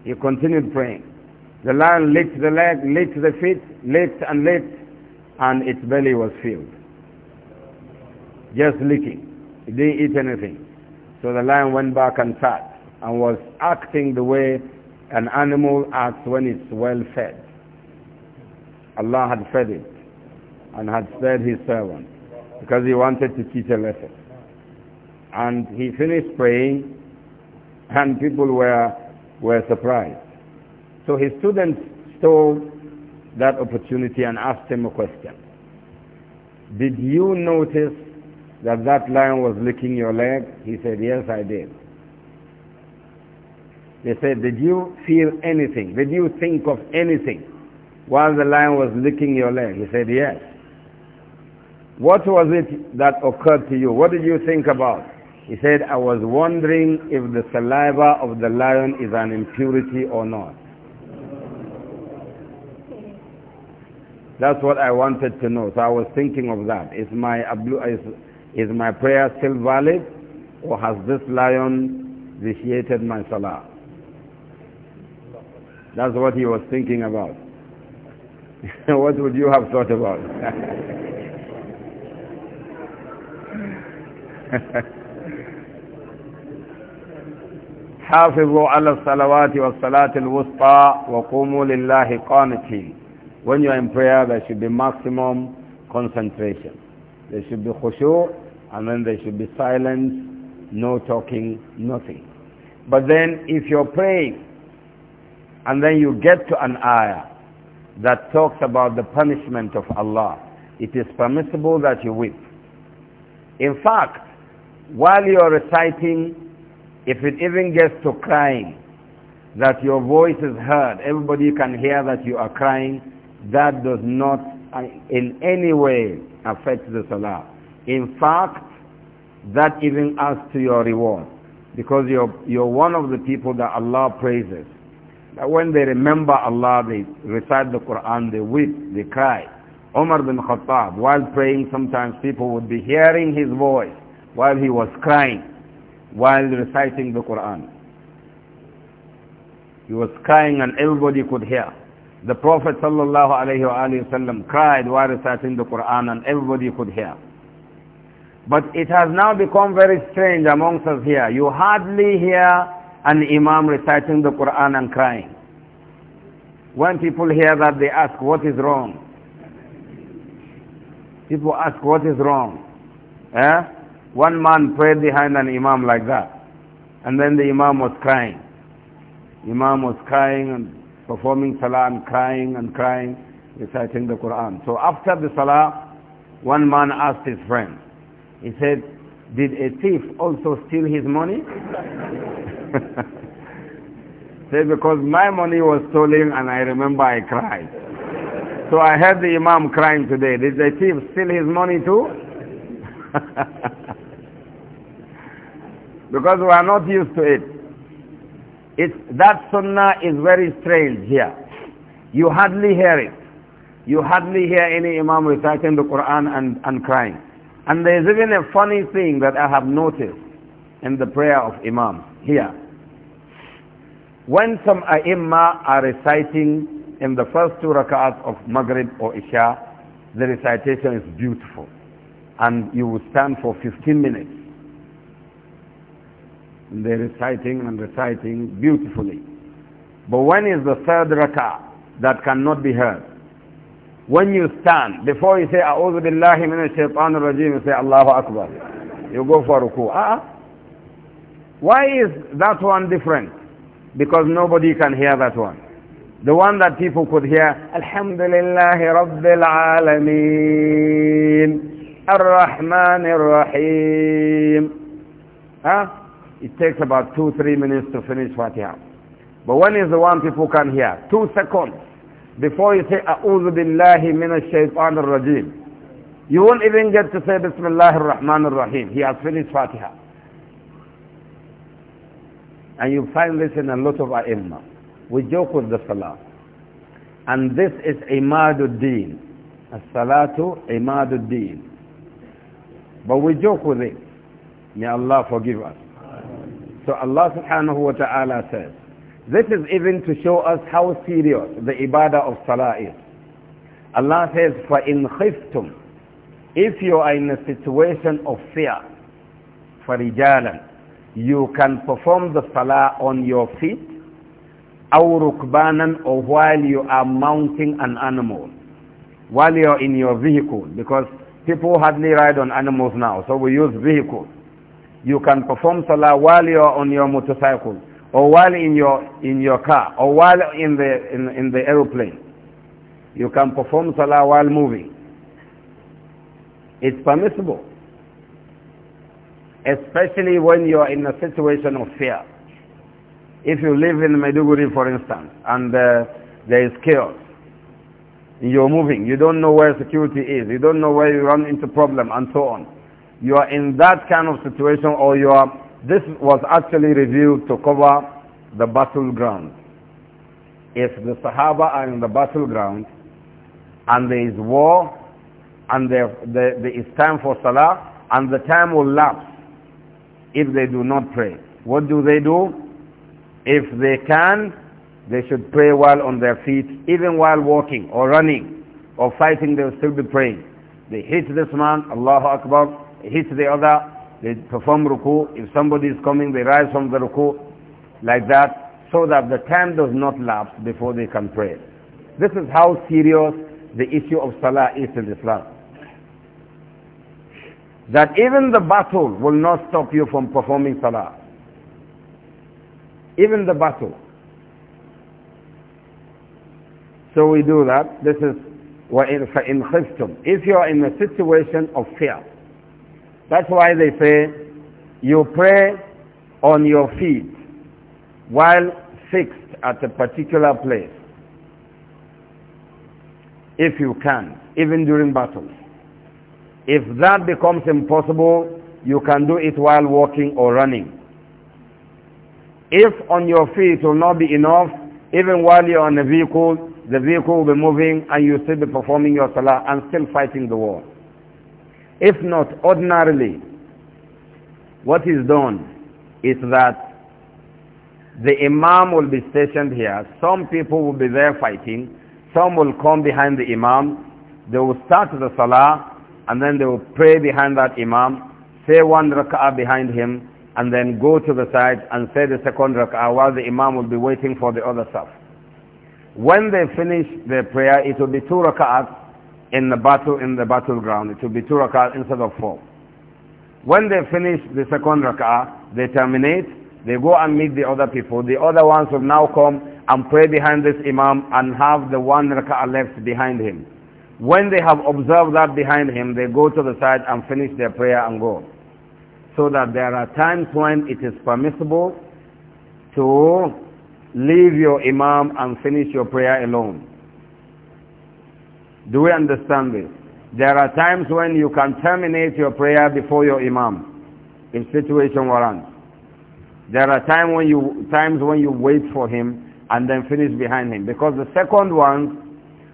He continued praying. The lion licked the leg, licked the feet, licked and licked, and its belly was filled. Just licking. It didn't eat anything. So the lion went back and sat and was acting the way an animal acts when it's well fed. Allah had fed it and had spared his servant because he wanted to teach a lesson. And he finished praying and people were were surprised. So his students stole that opportunity and asked him a question. Did you notice that that lion was licking your leg? He said, yes, I did. They said, did you feel anything? Did you think of anything while the lion was licking your leg? He said, yes. What was it that occurred to you? What did you think about? He said, I was wondering if the saliva of the lion is an impurity or not. That's what I wanted to know. So I was thinking of that. Is my, is, is my prayer still valid? Or has this lion vitiated my salah? That's what he was thinking about. (laughs) what would you have thought about? (laughs) al-salawati wa الصلوات والصلاة wa qumu لله قانتين when you are in prayer there should be maximum concentration there should be khushu' and then there should be silence no talking nothing but then if you're praying and then you get to an ayah that talks about the punishment of Allah it is permissible that you weep in fact while you are reciting if it even gets to crying, that your voice is heard, everybody can hear that you are crying, that does not uh, in any way affect the salah. In fact, that even adds to your reward because you're, you're one of the people that Allah praises. That when they remember Allah, they recite the Quran, they weep, they cry. Omar bin Khattab, while praying, sometimes people would be hearing his voice while he was crying while reciting the Quran. He was crying and everybody could hear. The Prophet ﷺ cried while reciting the Quran and everybody could hear. But it has now become very strange amongst us here. You hardly hear an imam reciting the Quran and crying. When people hear that, they ask, what is wrong? People ask, what is wrong? Eh? One man prayed behind an imam like that. And then the imam was crying. Imam was crying and performing salah and crying and crying, reciting the Quran. So after the salah, one man asked his friend. He said, did a thief also steal his money? (laughs) said, because my money was stolen and I remember I cried. So I heard the Imam crying today. Did the thief steal his money too? (laughs) because we are not used to it. It's, that sunnah is very strange here. You hardly hear it. You hardly hear any imam reciting the Quran and, and crying. And there is even a funny thing that I have noticed in the prayer of imams here. When some ai are reciting in the first two rak'ahs of Maghrib or Isha, the recitation is beautiful. And you will stand for 15 minutes they're reciting and reciting beautifully. But when is the third rak'ah that cannot be heard? When you stand, before you say, A'udhu billahi minash shaitanir rajim, you say, Allahu Akbar. You go for ruku. Ah? Why is that one different? Because nobody can hear that one. The one that people could hear, Alhamdulillahi Rabbil Alameen, Ar-Rahman Ar-Rahim. Huh? it takes about two, three minutes to finish Fatiha. But when is the one people can hear? Two seconds before you say, A'udhu billahi minash shaitan rajim. You won't even get to say Bismillah ar-Rahman ar-Rahim. He has finished Fatiha. And you find this in a lot of ai am We joke with the Salah. And this is Imaduddin. As-Salatu Imaduddin. But we joke with it. May Allah forgive us. So Allah subhanahu wa ta'ala says, this is even to show us how serious the ibadah of salah is. Allah says, فَإِنْ خِفْتُمْ If you are in a situation of fear, فَرِجَالًا You can perform the salah on your feet, أَوْ رُكْبَانًا Or while you are mounting an animal, while you are in your vehicle, because people hardly ride on animals now, so we use vehicles you can perform salah while you are on your motorcycle or while in your in your car or while in the in, in the aeroplane you can perform salah while moving it's permissible especially when you are in a situation of fear if you live in Maiduguri for instance and uh, there is chaos you're moving you don't know where security is you don't know where you run into problem and so on you are in that kind of situation or you are, this was actually revealed to cover the battleground. If the Sahaba are in the battleground and there is war and there, there, there is time for Salah and the time will lapse if they do not pray. What do they do? If they can, they should pray while on their feet, even while walking or running or fighting, they will still be praying. They hit this man, Allahu Akbar, hits the other, they perform ruku. If somebody is coming, they rise from the ruku like that so that the time does not lapse before they can pray. This is how serious the issue of salah is in Islam. That even the battle will not stop you from performing salah. Even the battle. So we do that. This is in خِفْتُمْ If you are in a situation of fear, that's why they say you pray on your feet while fixed at a particular place if you can, even during battles. If that becomes impossible, you can do it while walking or running. If on your feet will not be enough, even while you're on a vehicle, the vehicle will be moving and you still be performing your salah and still fighting the war. If not, ordinarily, what is done is that the imam will be stationed here. Some people will be there fighting. Some will come behind the imam. They will start the salah and then they will pray behind that imam, say one rak'ah behind him and then go to the side and say the second rak'ah while the imam will be waiting for the other stuff. When they finish their prayer, it will be two rak'ahs in the battle in the battleground. It will be two rak'ah instead of four. When they finish the second rak'ah, they terminate, they go and meet the other people. The other ones will now come and pray behind this imam and have the one rak'ah left behind him. When they have observed that behind him, they go to the side and finish their prayer and go. So that there are times when it is permissible to leave your imam and finish your prayer alone. Do we understand this? There are times when you can terminate your prayer before your imam, if situation warrants. There are time when you, times when you wait for him and then finish behind him. Because the second ones,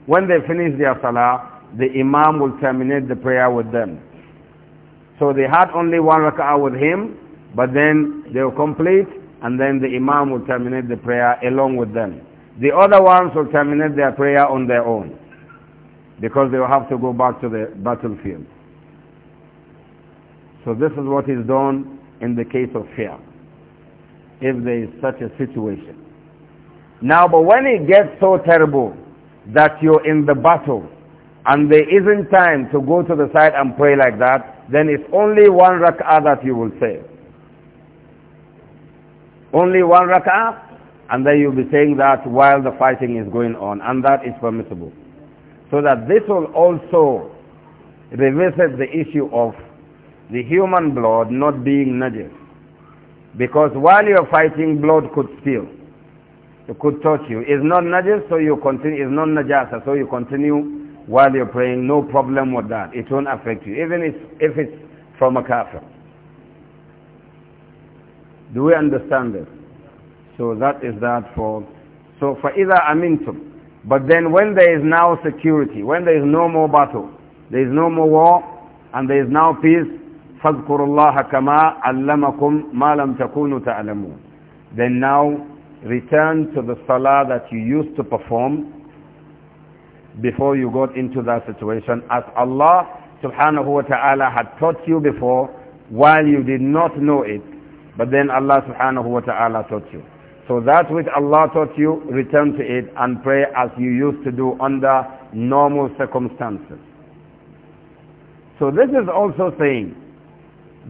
when they finish their salah, the imam will terminate the prayer with them. So they had only one rak'ah with him, but then they'll complete and then the imam will terminate the prayer along with them. The other ones will terminate their prayer on their own because they will have to go back to the battlefield. So this is what is done in the case of fear, if there is such a situation. Now, but when it gets so terrible that you're in the battle and there isn't time to go to the side and pray like that, then it's only one rak'ah that you will say. Only one rak'ah, and then you'll be saying that while the fighting is going on, and that is permissible. So that this will also revisit the issue of the human blood not being najis. Because while you're fighting, blood could spill. It could touch you. It's not najis, so you continue. It's not najasa, so you continue while you're praying. No problem with that. It won't affect you, even if, if it's from a kafir. Do we understand this? So that is that for... So فَإِذَا أَمِنْتُمْ but then when there is now security, when there is no more battle, there is no more war, and there is now peace, فَاذْكُرُوا اللَّهَ كَمَا عَلَّمَكُمْ مَا لَمْ تَكُونُوا تَعْلَمُونَ Then now return to the salah that you used to perform before you got into that situation as Allah subhanahu wa ta'ala had taught you before while you did not know it but then Allah subhanahu wa ta'ala taught you so that which Allah taught you, return to it and pray as you used to do under normal circumstances. So this is also saying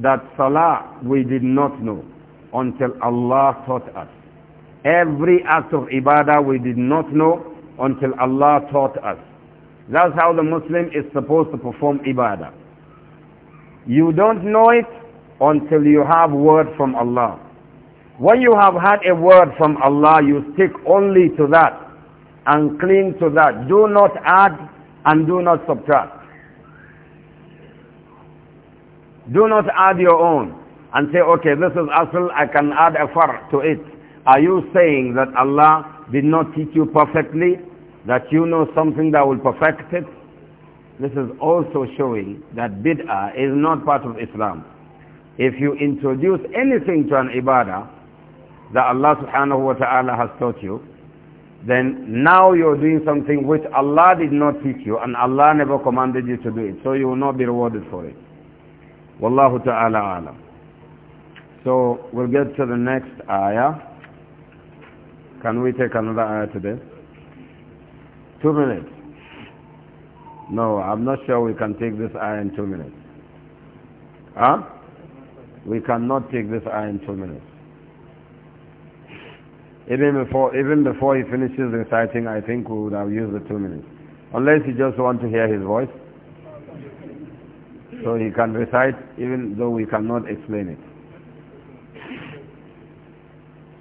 that Salah we did not know until Allah taught us. Every act of ibadah we did not know until Allah taught us. That's how the Muslim is supposed to perform ibadah. You don't know it until you have word from Allah. When you have had a word from Allah, you stick only to that and cling to that. Do not add and do not subtract. Do not add your own and say, okay, this is asl, I can add a far to it. Are you saying that Allah did not teach you perfectly, that you know something that will perfect it? This is also showing that bid'ah is not part of Islam. If you introduce anything to an ibadah, that Allah subhanahu wa ta'ala has taught you, then now you're doing something which Allah did not teach you and Allah never commanded you to do it. So you will not be rewarded for it. Wallahu ta'ala alam. So we'll get to the next ayah. Can we take another ayah today? Two minutes. No, I'm not sure we can take this ayah in two minutes. Huh? We cannot take this ayah in two minutes. Even before, even before he finishes reciting, I think we would have used the two minutes. Unless you just want to hear his voice. So he can recite even though we cannot explain it.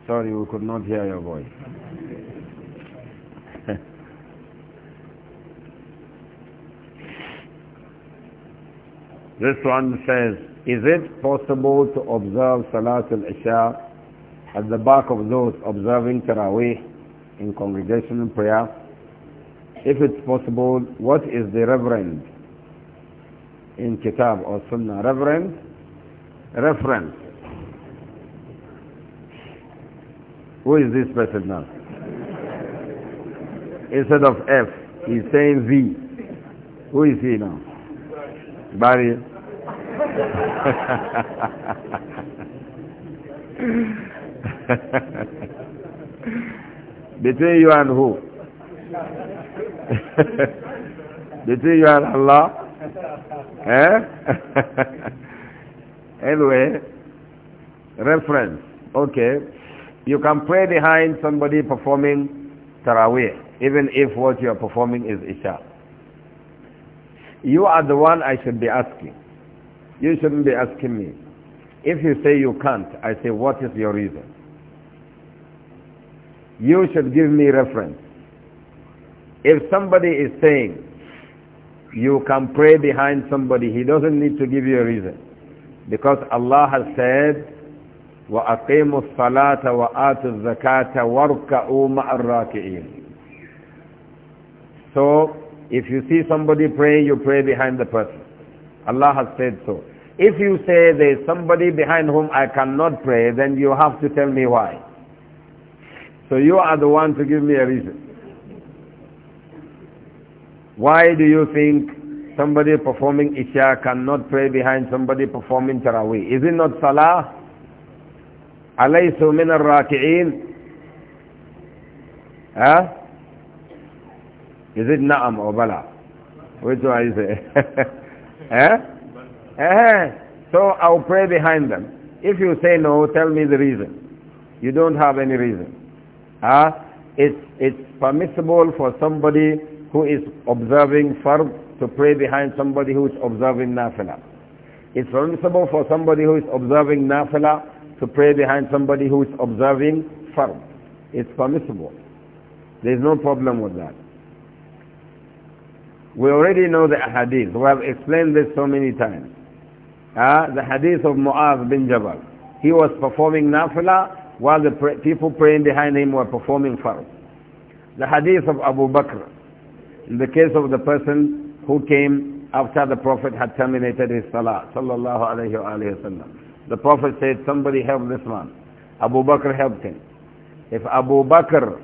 Sorry, we could not hear your voice. (laughs) this one says, is it possible to observe Salatul Isha at the back of those observing Taraweeh in congregational prayer, if it's possible, what is the reverend in Kitab or Sunnah? Reverend? Reference. Who is this person now? Instead of F, he's saying V. Who is he now? Barry. (laughs) (laughs) Between you and who? (laughs) Between you and Allah? Eh? (laughs) anyway, reference. Okay. You can pray behind somebody performing Taraweeh, even if what you are performing is Isha. You are the one I should be asking. You shouldn't be asking me. If you say you can't, I say, what is your reason? you should give me reference. If somebody is saying, you can pray behind somebody, he doesn't need to give you a reason. Because Allah has said, وَأَقِيمُوا الصَّلَاةَ وَآتُوا الزَّكَاةَ وَارْكَعُوا مَعَ الرَّاكِعِينَ So, if you see somebody praying, you pray behind the person. Allah has said so. If you say there is somebody behind whom I cannot pray, then you have to tell me why. So you are the one to give me a reason. Why do you think somebody performing Isha cannot pray behind somebody performing Taraweeh? Is it not Salah? أَلَيْسُ مِنَ الرَّاكِعِينَ Huh? Is it Na'am or Bala? Which one is it? (laughs) So I'll pray behind them. If you say no, tell me the reason. You don't have any reason. Huh? It's, it's permissible for somebody who is observing fard to pray behind somebody who is observing nafila. It's permissible for somebody who is observing nafila to pray behind somebody who is observing fard. It's permissible. There's no problem with that. We already know the hadith. We have explained this so many times. Uh, the hadith of Mu'az bin Jabal. He was performing nafila while the people praying behind him were performing farz. The hadith of Abu Bakr, in the case of the person who came after the Prophet had terminated his salah, sallallahu alayhi wa, sallam. The Prophet said, somebody help this man. Abu Bakr helped him. If Abu Bakr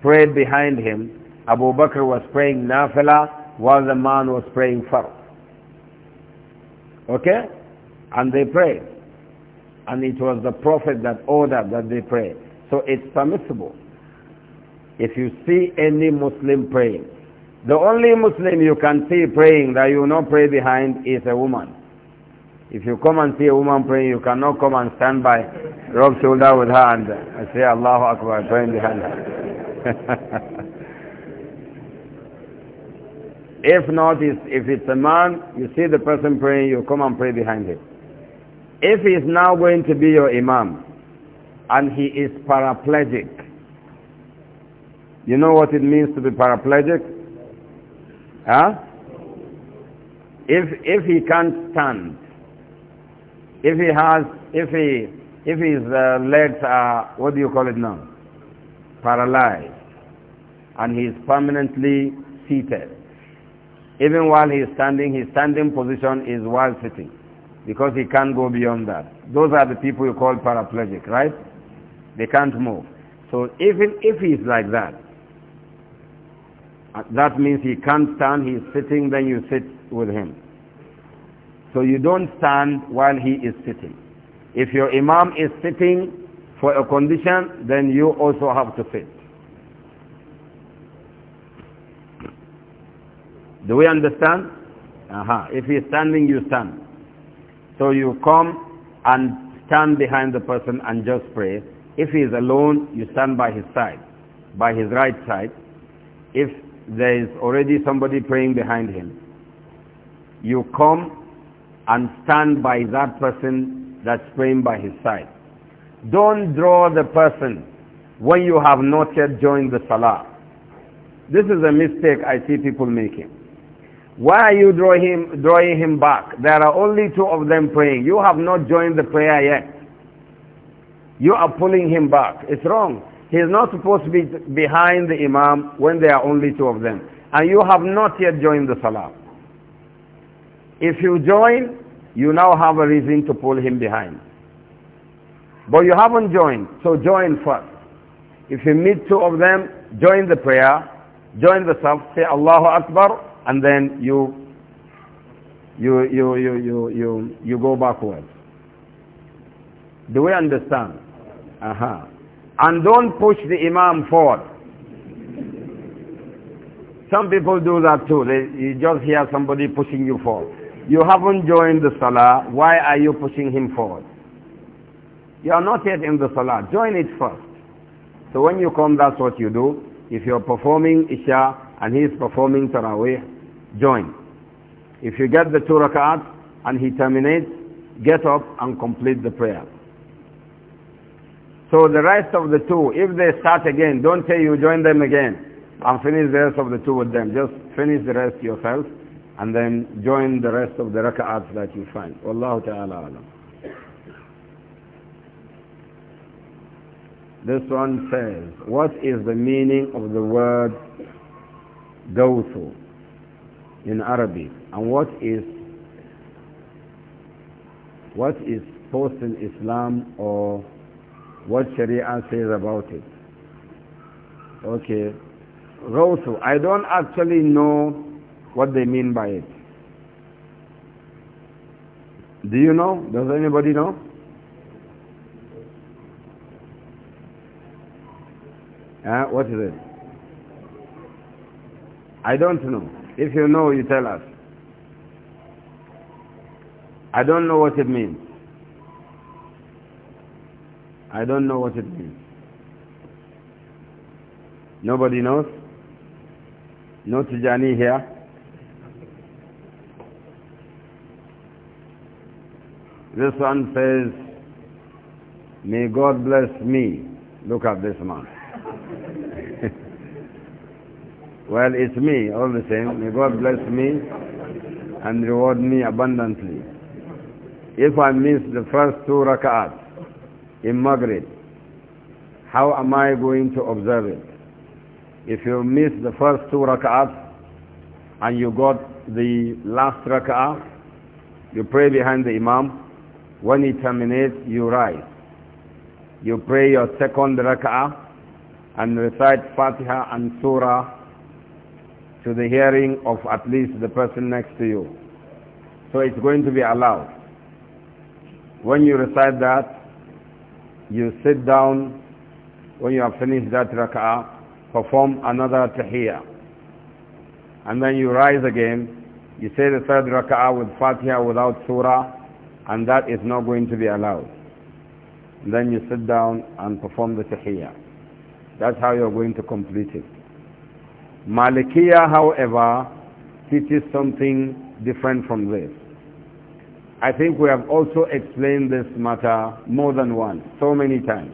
prayed behind him, Abu Bakr was praying nafilah while the man was praying farz. Okay? And they prayed and it was the Prophet that ordered that they pray. So it's permissible. If you see any Muslim praying, the only Muslim you can see praying that you will not pray behind is a woman. If you come and see a woman praying, you cannot come and stand by, rub shoulder with her and, say Allahu Akbar, praying behind her. (laughs) if not, if it's a man, you see the person praying, you come and pray behind him. If he is now going to be your imam and he is paraplegic, you know what it means to be paraplegic? Huh? If, if he can't stand, if he has, if he, if his uh, legs are, what do you call it now? Paralyzed. And he is permanently seated. Even while he is standing, his standing position is while sitting because he can't go beyond that. Those are the people you call paraplegic, right? They can't move. So even if he's like that, uh, that means he can't stand, he's sitting, then you sit with him. So you don't stand while he is sitting. If your imam is sitting for a condition, then you also have to sit. Do we understand? Aha. Uh -huh. If he's standing, you stand. So you come and stand behind the person and just pray. If he is alone, you stand by his side, by his right side. If there is already somebody praying behind him, you come and stand by that person that's praying by his side. Don't draw the person when you have not yet joined the salah. This is a mistake I see people making. Why are you him, drawing him back? There are only two of them praying. You have not joined the prayer yet. You are pulling him back. It's wrong. He is not supposed to be behind the imam when there are only two of them. And you have not yet joined the salah. If you join, you now have a reason to pull him behind. But you haven't joined, so join first. If you meet two of them, join the prayer, join the salah. say Allahu Akbar, and then you you you you you you, you go backwards. Do we understand? Uh -huh. And don't push the imam forward. Some people do that too. They, you just hear somebody pushing you forward. You haven't joined the salah. Why are you pushing him forward? You are not yet in the salah. Join it first. So when you come, that's what you do. If you're performing Isha and he is performing Taraweeh, join. If you get the two rak'at and he terminates, get up and complete the prayer. So the rest of the two, if they start again, don't say you join them again and finish the rest of the two with them. Just finish the rest yourself and then join the rest of the rak'ats that you find. Wallahu ta'ala alam. This one says, what is the meaning of the word gawthu? in Arabic and what is what is post in Islam or what Sharia says about it. Okay. Rawsu, I don't actually know what they mean by it. Do you know? Does anybody know? Uh, what is it? I don't know. If you know, you tell us. I don't know what it means. I don't know what it means. Nobody knows? No Tijani here? This one says, May God bless me. Look at this man. Well, it's me all the same. May God bless me and reward me abundantly. If I miss the first two rak'at in Maghrib, how am I going to observe it? If you miss the first two rak'at and you got the last rak'ah, you pray behind the imam. When he terminates, you rise. You pray your second rak'ah and recite Fatiha and Surah to the hearing of at least the person next to you. So it's going to be allowed. When you recite that, you sit down. When you have finished that rak'ah, perform another tahiyah, And then you rise again. You say the third rak'ah with fatiha without surah, and that is not going to be allowed. And then you sit down and perform the tahiyah. That's how you're going to complete it. Malikiya, however, teaches something different from this. I think we have also explained this matter more than once, so many times.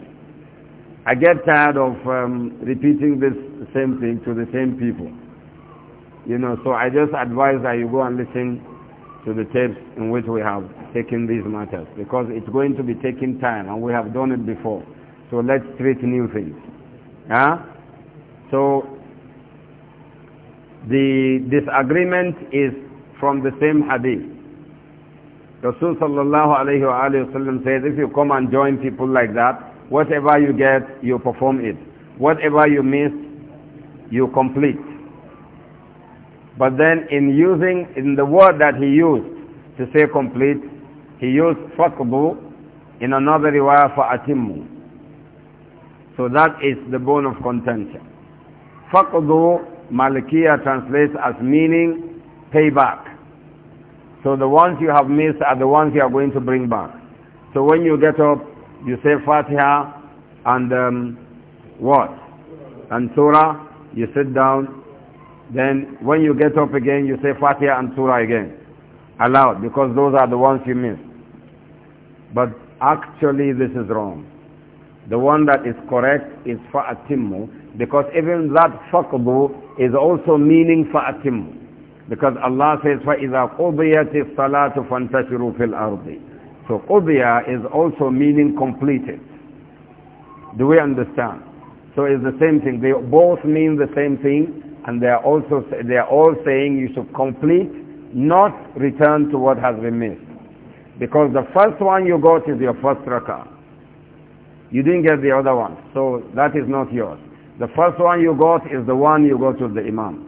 I get tired of um, repeating this same thing to the same people. You know, so I just advise that you go and listen to the tapes in which we have taken these matters because it's going to be taking time and we have done it before. So let's treat new things. Huh? So the disagreement is from the same hadith. Rasul sallallahu alayhi wa sallam says, if you come and join people like that, whatever you get, you perform it. Whatever you miss, you complete. But then in using, in the word that he used to say complete, he used fakbu in another riwayah for "atimu." So that is the bone of contention. Fakbu Malikiya translates as meaning payback. So the ones you have missed are the ones you are going to bring back. So when you get up, you say Fatiha and um, what? And Surah, you sit down. Then when you get up again, you say Fatiha and Surah again. Aloud, because those are the ones you missed. But actually this is wrong. The one that is correct is fa'atimmu because even that faqdu is also meaning fa'atimmu. Because Allah says, فَإِذَا قُضِيَتِ الصَّلَاةُ فَانْتَشِرُوا فِي الْأَرْضِ So qudiyah is also meaning completed. Do we understand? So it's the same thing. They both mean the same thing and they are also they are all saying you should complete, not return to what has been missed. Because the first one you got is your first rakah. You didn't get the other one, so that is not yours. The first one you got is the one you got to the imam.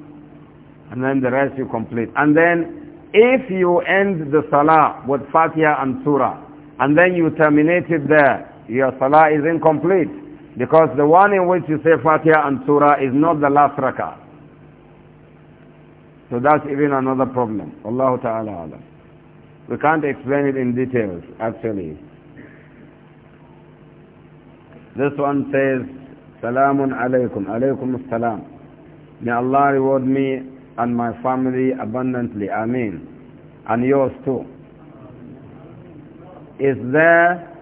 And then the rest you complete. And then if you end the salah with Fatiha and Surah, and then you terminate it there, your salah is incomplete. Because the one in which you say Fatiha and Surah is not the last rakah. So that's even another problem. Allah Ta'ala We can't explain it in details, actually. This one says, Salamun alaykum, alaykum as-salam." May Allah reward me and my family abundantly. Ameen. And yours too. Is there,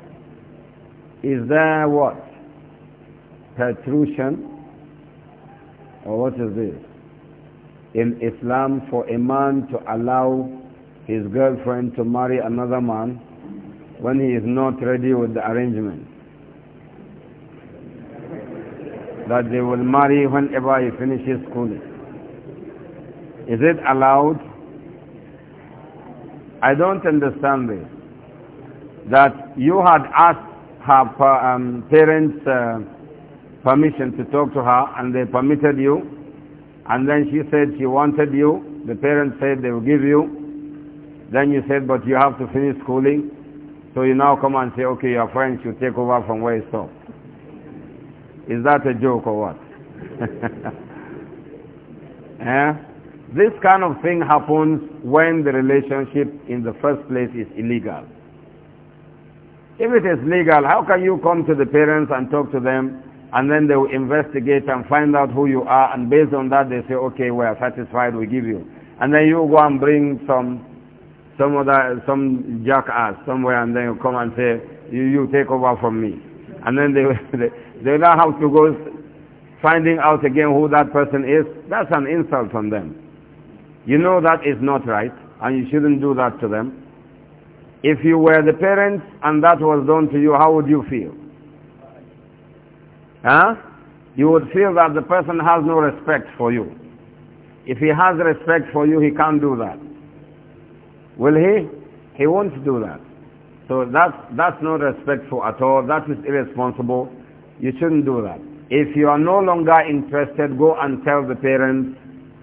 is there what? patrician, Or what is this? In Islam, for a man to allow his girlfriend to marry another man when he is not ready with the arrangement. that they will marry whenever he finishes schooling. Is it allowed? I don't understand this. That you had asked her um, parents uh, permission to talk to her and they permitted you and then she said she wanted you, the parents said they will give you, then you said but you have to finish schooling, so you now come and say okay your friends should take over from where you stopped. Is that a joke or what? (laughs) eh? This kind of thing happens when the relationship in the first place is illegal. If it is legal, how can you come to the parents and talk to them and then they will investigate and find out who you are and based on that they say, okay, we are satisfied, we give you. And then you go and bring some some other some jackass somewhere and then you come and say, you, you take over from me and then they, (laughs) they, they now have to go finding out again who that person is. That's an insult on them. You know that is not right, and you shouldn't do that to them. If you were the parents and that was done to you, how would you feel? Huh? You would feel that the person has no respect for you. If he has respect for you, he can't do that. Will he? He won't do that. So that's, that's not respectful at all. That is irresponsible. You shouldn't do that. If you are no longer interested, go and tell the parents,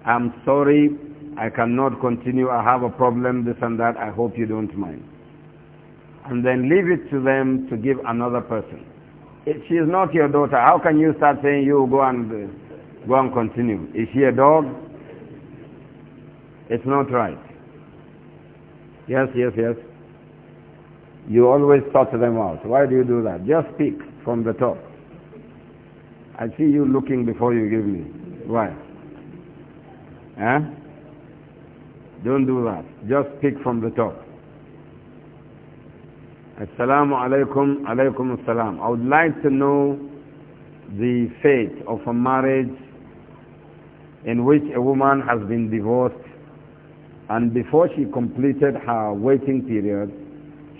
I'm sorry, I cannot continue, I have a problem, this and that, I hope you don't mind. And then leave it to them to give another person. If she is not your daughter, how can you start saying you go and, uh, go and continue? Is she a dog? It's not right. Yes, yes, yes. You always sort them out. Why do you do that? Just speak from the top. I see you looking before you give me. Why? Eh? Don't do that. Just speak from the top. Assalamu alaikum, alaikum assalam. I would like to know the fate of a marriage in which a woman has been divorced and before she completed her waiting period,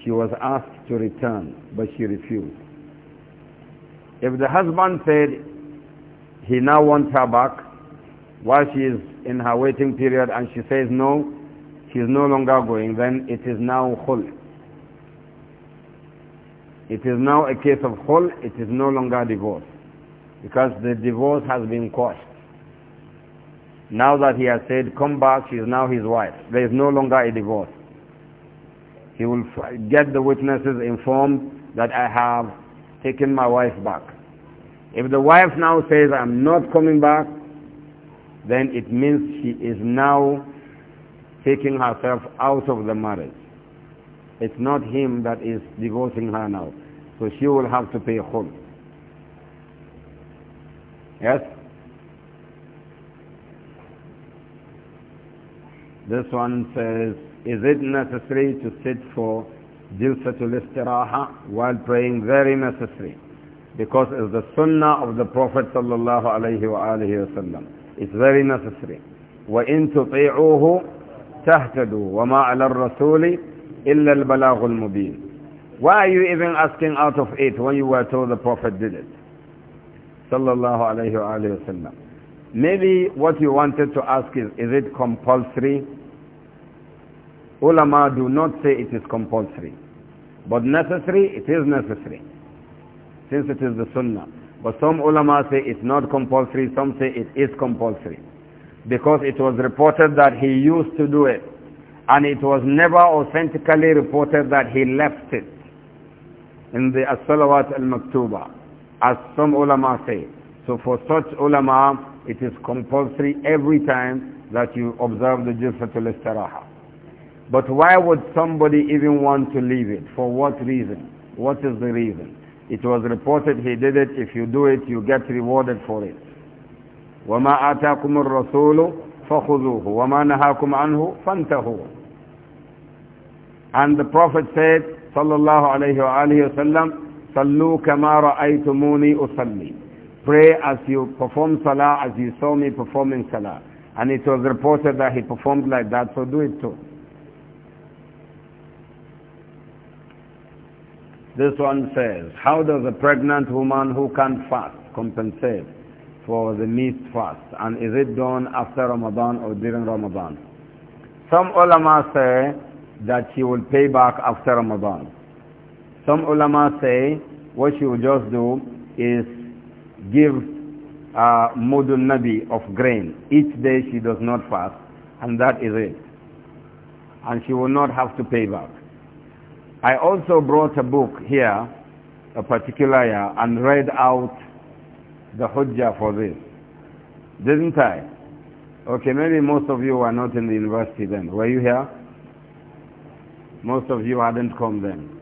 she was asked to return, but she refused. If the husband said he now wants her back while she is in her waiting period and she says no, she is no longer going, then it is now khul. It is now a case of khul, it is no longer divorce. Because the divorce has been quashed. Now that he has said, come back, she is now his wife. There is no longer a divorce. He will get the witnesses informed that I have taken my wife back. If the wife now says, I'm not coming back, then it means she is now taking herself out of the marriage. It's not him that is divorcing her now. So she will have to pay khul. Yes? This one says, is it necessary to sit for Jilsatul Istiraha while praying? Very necessary. Because it's the sunnah of the Prophet sallallahu alayhi wa It's very necessary. وَإِن تُطِيعُوهُ تَهْتَدُوا وَمَا عَلَى الرَّسُولِ إِلَّا الْبَلَاغُ الْمُبِينُ why are you even asking out of it when you were told the Prophet did it? Sallallahu alayhi wa Maybe what you wanted to ask is, is it compulsory Ulama do not say it is compulsory. But necessary, it is necessary. Since it is the sunnah. But some ulama say it's not compulsory, some say it is compulsory. Because it was reported that he used to do it. And it was never authentically reported that he left it in the As-Salawat al-Maktuba, as some ulama say. So for such ulama, it is compulsory every time that you observe the Jilfatul istaraha but why would somebody even want to leave it? For what reason? What is the reason? It was reported he did it. If you do it, you get rewarded for it. وَمَا آتَاكُمُ الرَّسُولُ فَخُذُوهُ وَمَا نَهَاكُمْ عَنْهُ فَانْتَهُوا And the Prophet said, صلى الله عليه وآله وسلم, صَلُّوا كَمَا رَأَيْتُمُونِي أُصَلِّي Pray as you perform salah, as you saw me performing salah. And it was reported that he performed like that, so do it too. This one says, how does a pregnant woman who can't fast compensate for the missed fast? And is it done after Ramadan or during Ramadan? Some ulama say that she will pay back after Ramadan. Some ulama say what she will just do is give a uh, modul nabi of grain. Each day she does not fast and that is it. And she will not have to pay back. I also brought a book here, a particular year, and read out the hujjah for this. Didn't I? Okay, maybe most of you were not in the university then. Were you here? Most of you hadn't come then.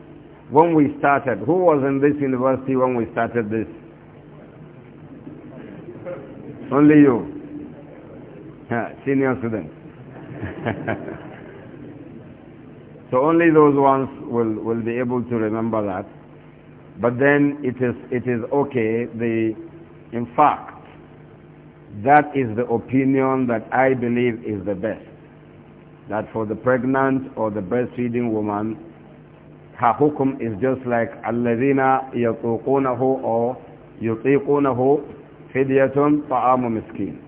When we started, who was in this university when we started this? Only you. Yeah, (laughs) senior students. (laughs) So only those ones will, will be able to remember that. But then it is, it is okay. The, in fact, that is the opinion that I believe is the best. That for the pregnant or the breastfeeding woman, her hukum is just like الَّذِينَ يَطُوقُونَهُ or يُطِيقُونَهُ فِدْيَةٌ طَعَامُ مِسْكِينٌ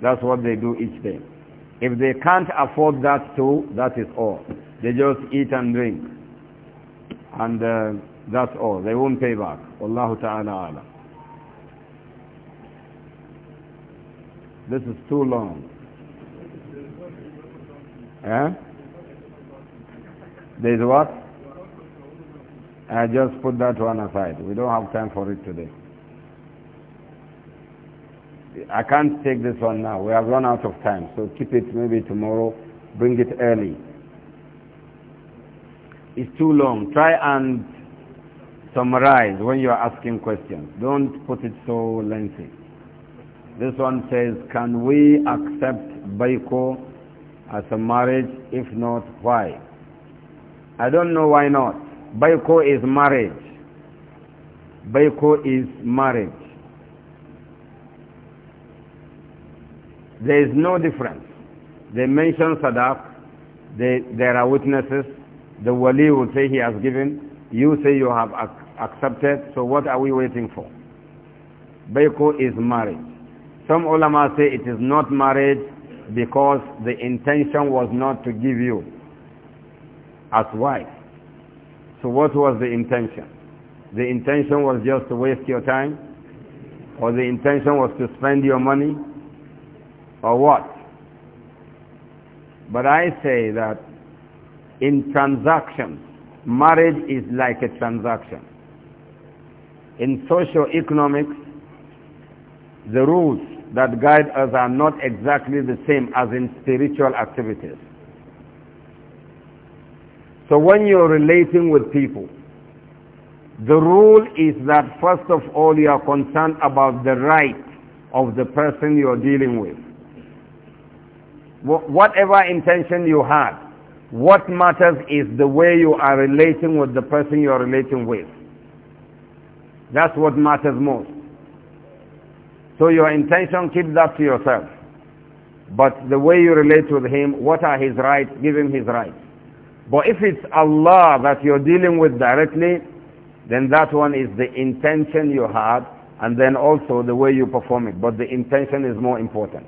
That's what they do each day. If they can't afford that too, that is all. They just eat and drink. And uh, that's all. They won't pay back. Allahu ta'ala ala. This is too long. Eh? There's what? I just put that one aside. We don't have time for it today. I can't take this one now. We have run out of time. So keep it maybe tomorrow. Bring it early is too long. Try and summarize when you are asking questions. Don't put it so lengthy. This one says, can we accept Baiko as a marriage? If not, why? I don't know why not. Baiko is marriage. Baiko is marriage. There is no difference. They mention Sadaq. They, there are witnesses. The wali will say he has given. You say you have ac accepted. So what are we waiting for? Bayko is marriage. Some ulama say it is not marriage because the intention was not to give you as wife. So what was the intention? The intention was just to waste your time? Or the intention was to spend your money? Or what? But I say that in transactions. Marriage is like a transaction. In socio-economics, the rules that guide us are not exactly the same as in spiritual activities. So when you're relating with people, the rule is that first of all you are concerned about the right of the person you're dealing with. Whatever intention you had, what matters is the way you are relating with the person you are relating with. That's what matters most. So your intention, keep that to yourself. But the way you relate with him, what are his rights? Give him his rights. But if it's Allah that you're dealing with directly, then that one is the intention you had and then also the way you perform it. But the intention is more important.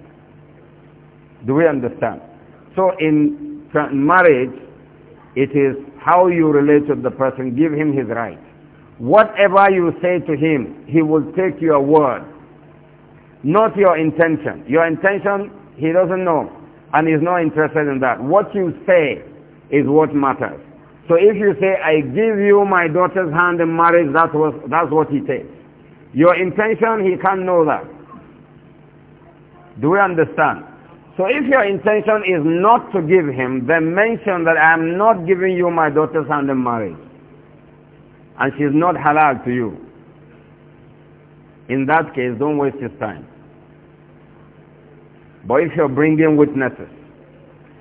Do we understand? So in marriage, it is how you relate to the person. Give him his right. Whatever you say to him, he will take your word, not your intention. Your intention, he doesn't know, and he's not interested in that. What you say is what matters. So if you say, I give you my daughter's hand in marriage, that was, that's what he takes. Your intention, he can't know that. Do we understand? So if your intention is not to give him, then mention that I am not giving you my daughter's hand in marriage. And she's not halal to you. In that case, don't waste his time. But if you're bringing witnesses,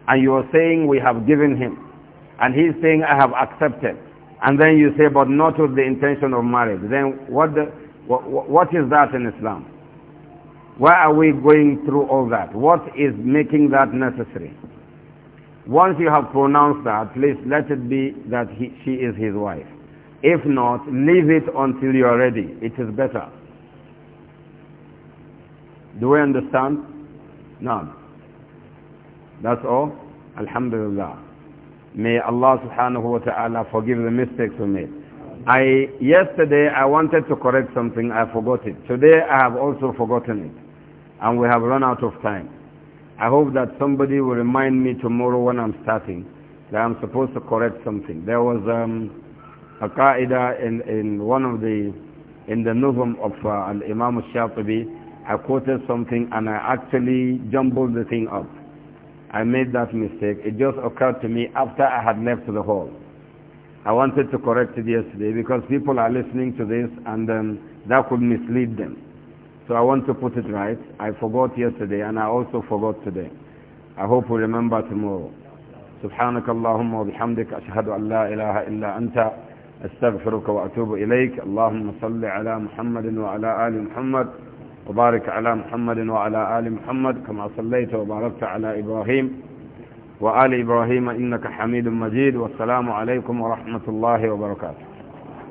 and you are saying we have given him, and he's saying I have accepted, and then you say but not with the intention of marriage, then what, the, what, what is that in Islam? Why are we going through all that? What is making that necessary? Once you have pronounced that, please let it be that he, she is his wife. If not, leave it until you are ready. It is better. Do we understand? None. That's all. Alhamdulillah. May Allah subhanahu wa ta'ala forgive the mistakes we made. I, yesterday I wanted to correct something, I forgot it. Today I have also forgotten it and we have run out of time. I hope that somebody will remind me tomorrow when I'm starting that I'm supposed to correct something. There was um, a qaida in, in one of the, in the Nuzum of uh, imam al-Shatibi. I quoted something and I actually jumbled the thing up. I made that mistake. It just occurred to me after I had left the hall. I wanted to correct it yesterday because people are listening to this and um, that could mislead them. So I want to put it right. I forgot yesterday and I also forgot today. I hope we remember tomorrow. سبحانك اللهم وبحمدك أشهد أن لا إله إلا أنت أستغفرك وأتوب إليك اللهم صل على محمد وعلى آل محمد وبارك على محمد وعلى آل محمد كما صليت وباركت على إبراهيم وآل إبراهيم إنك حميد مجيد والسلام عليكم ورحمة الله وبركاته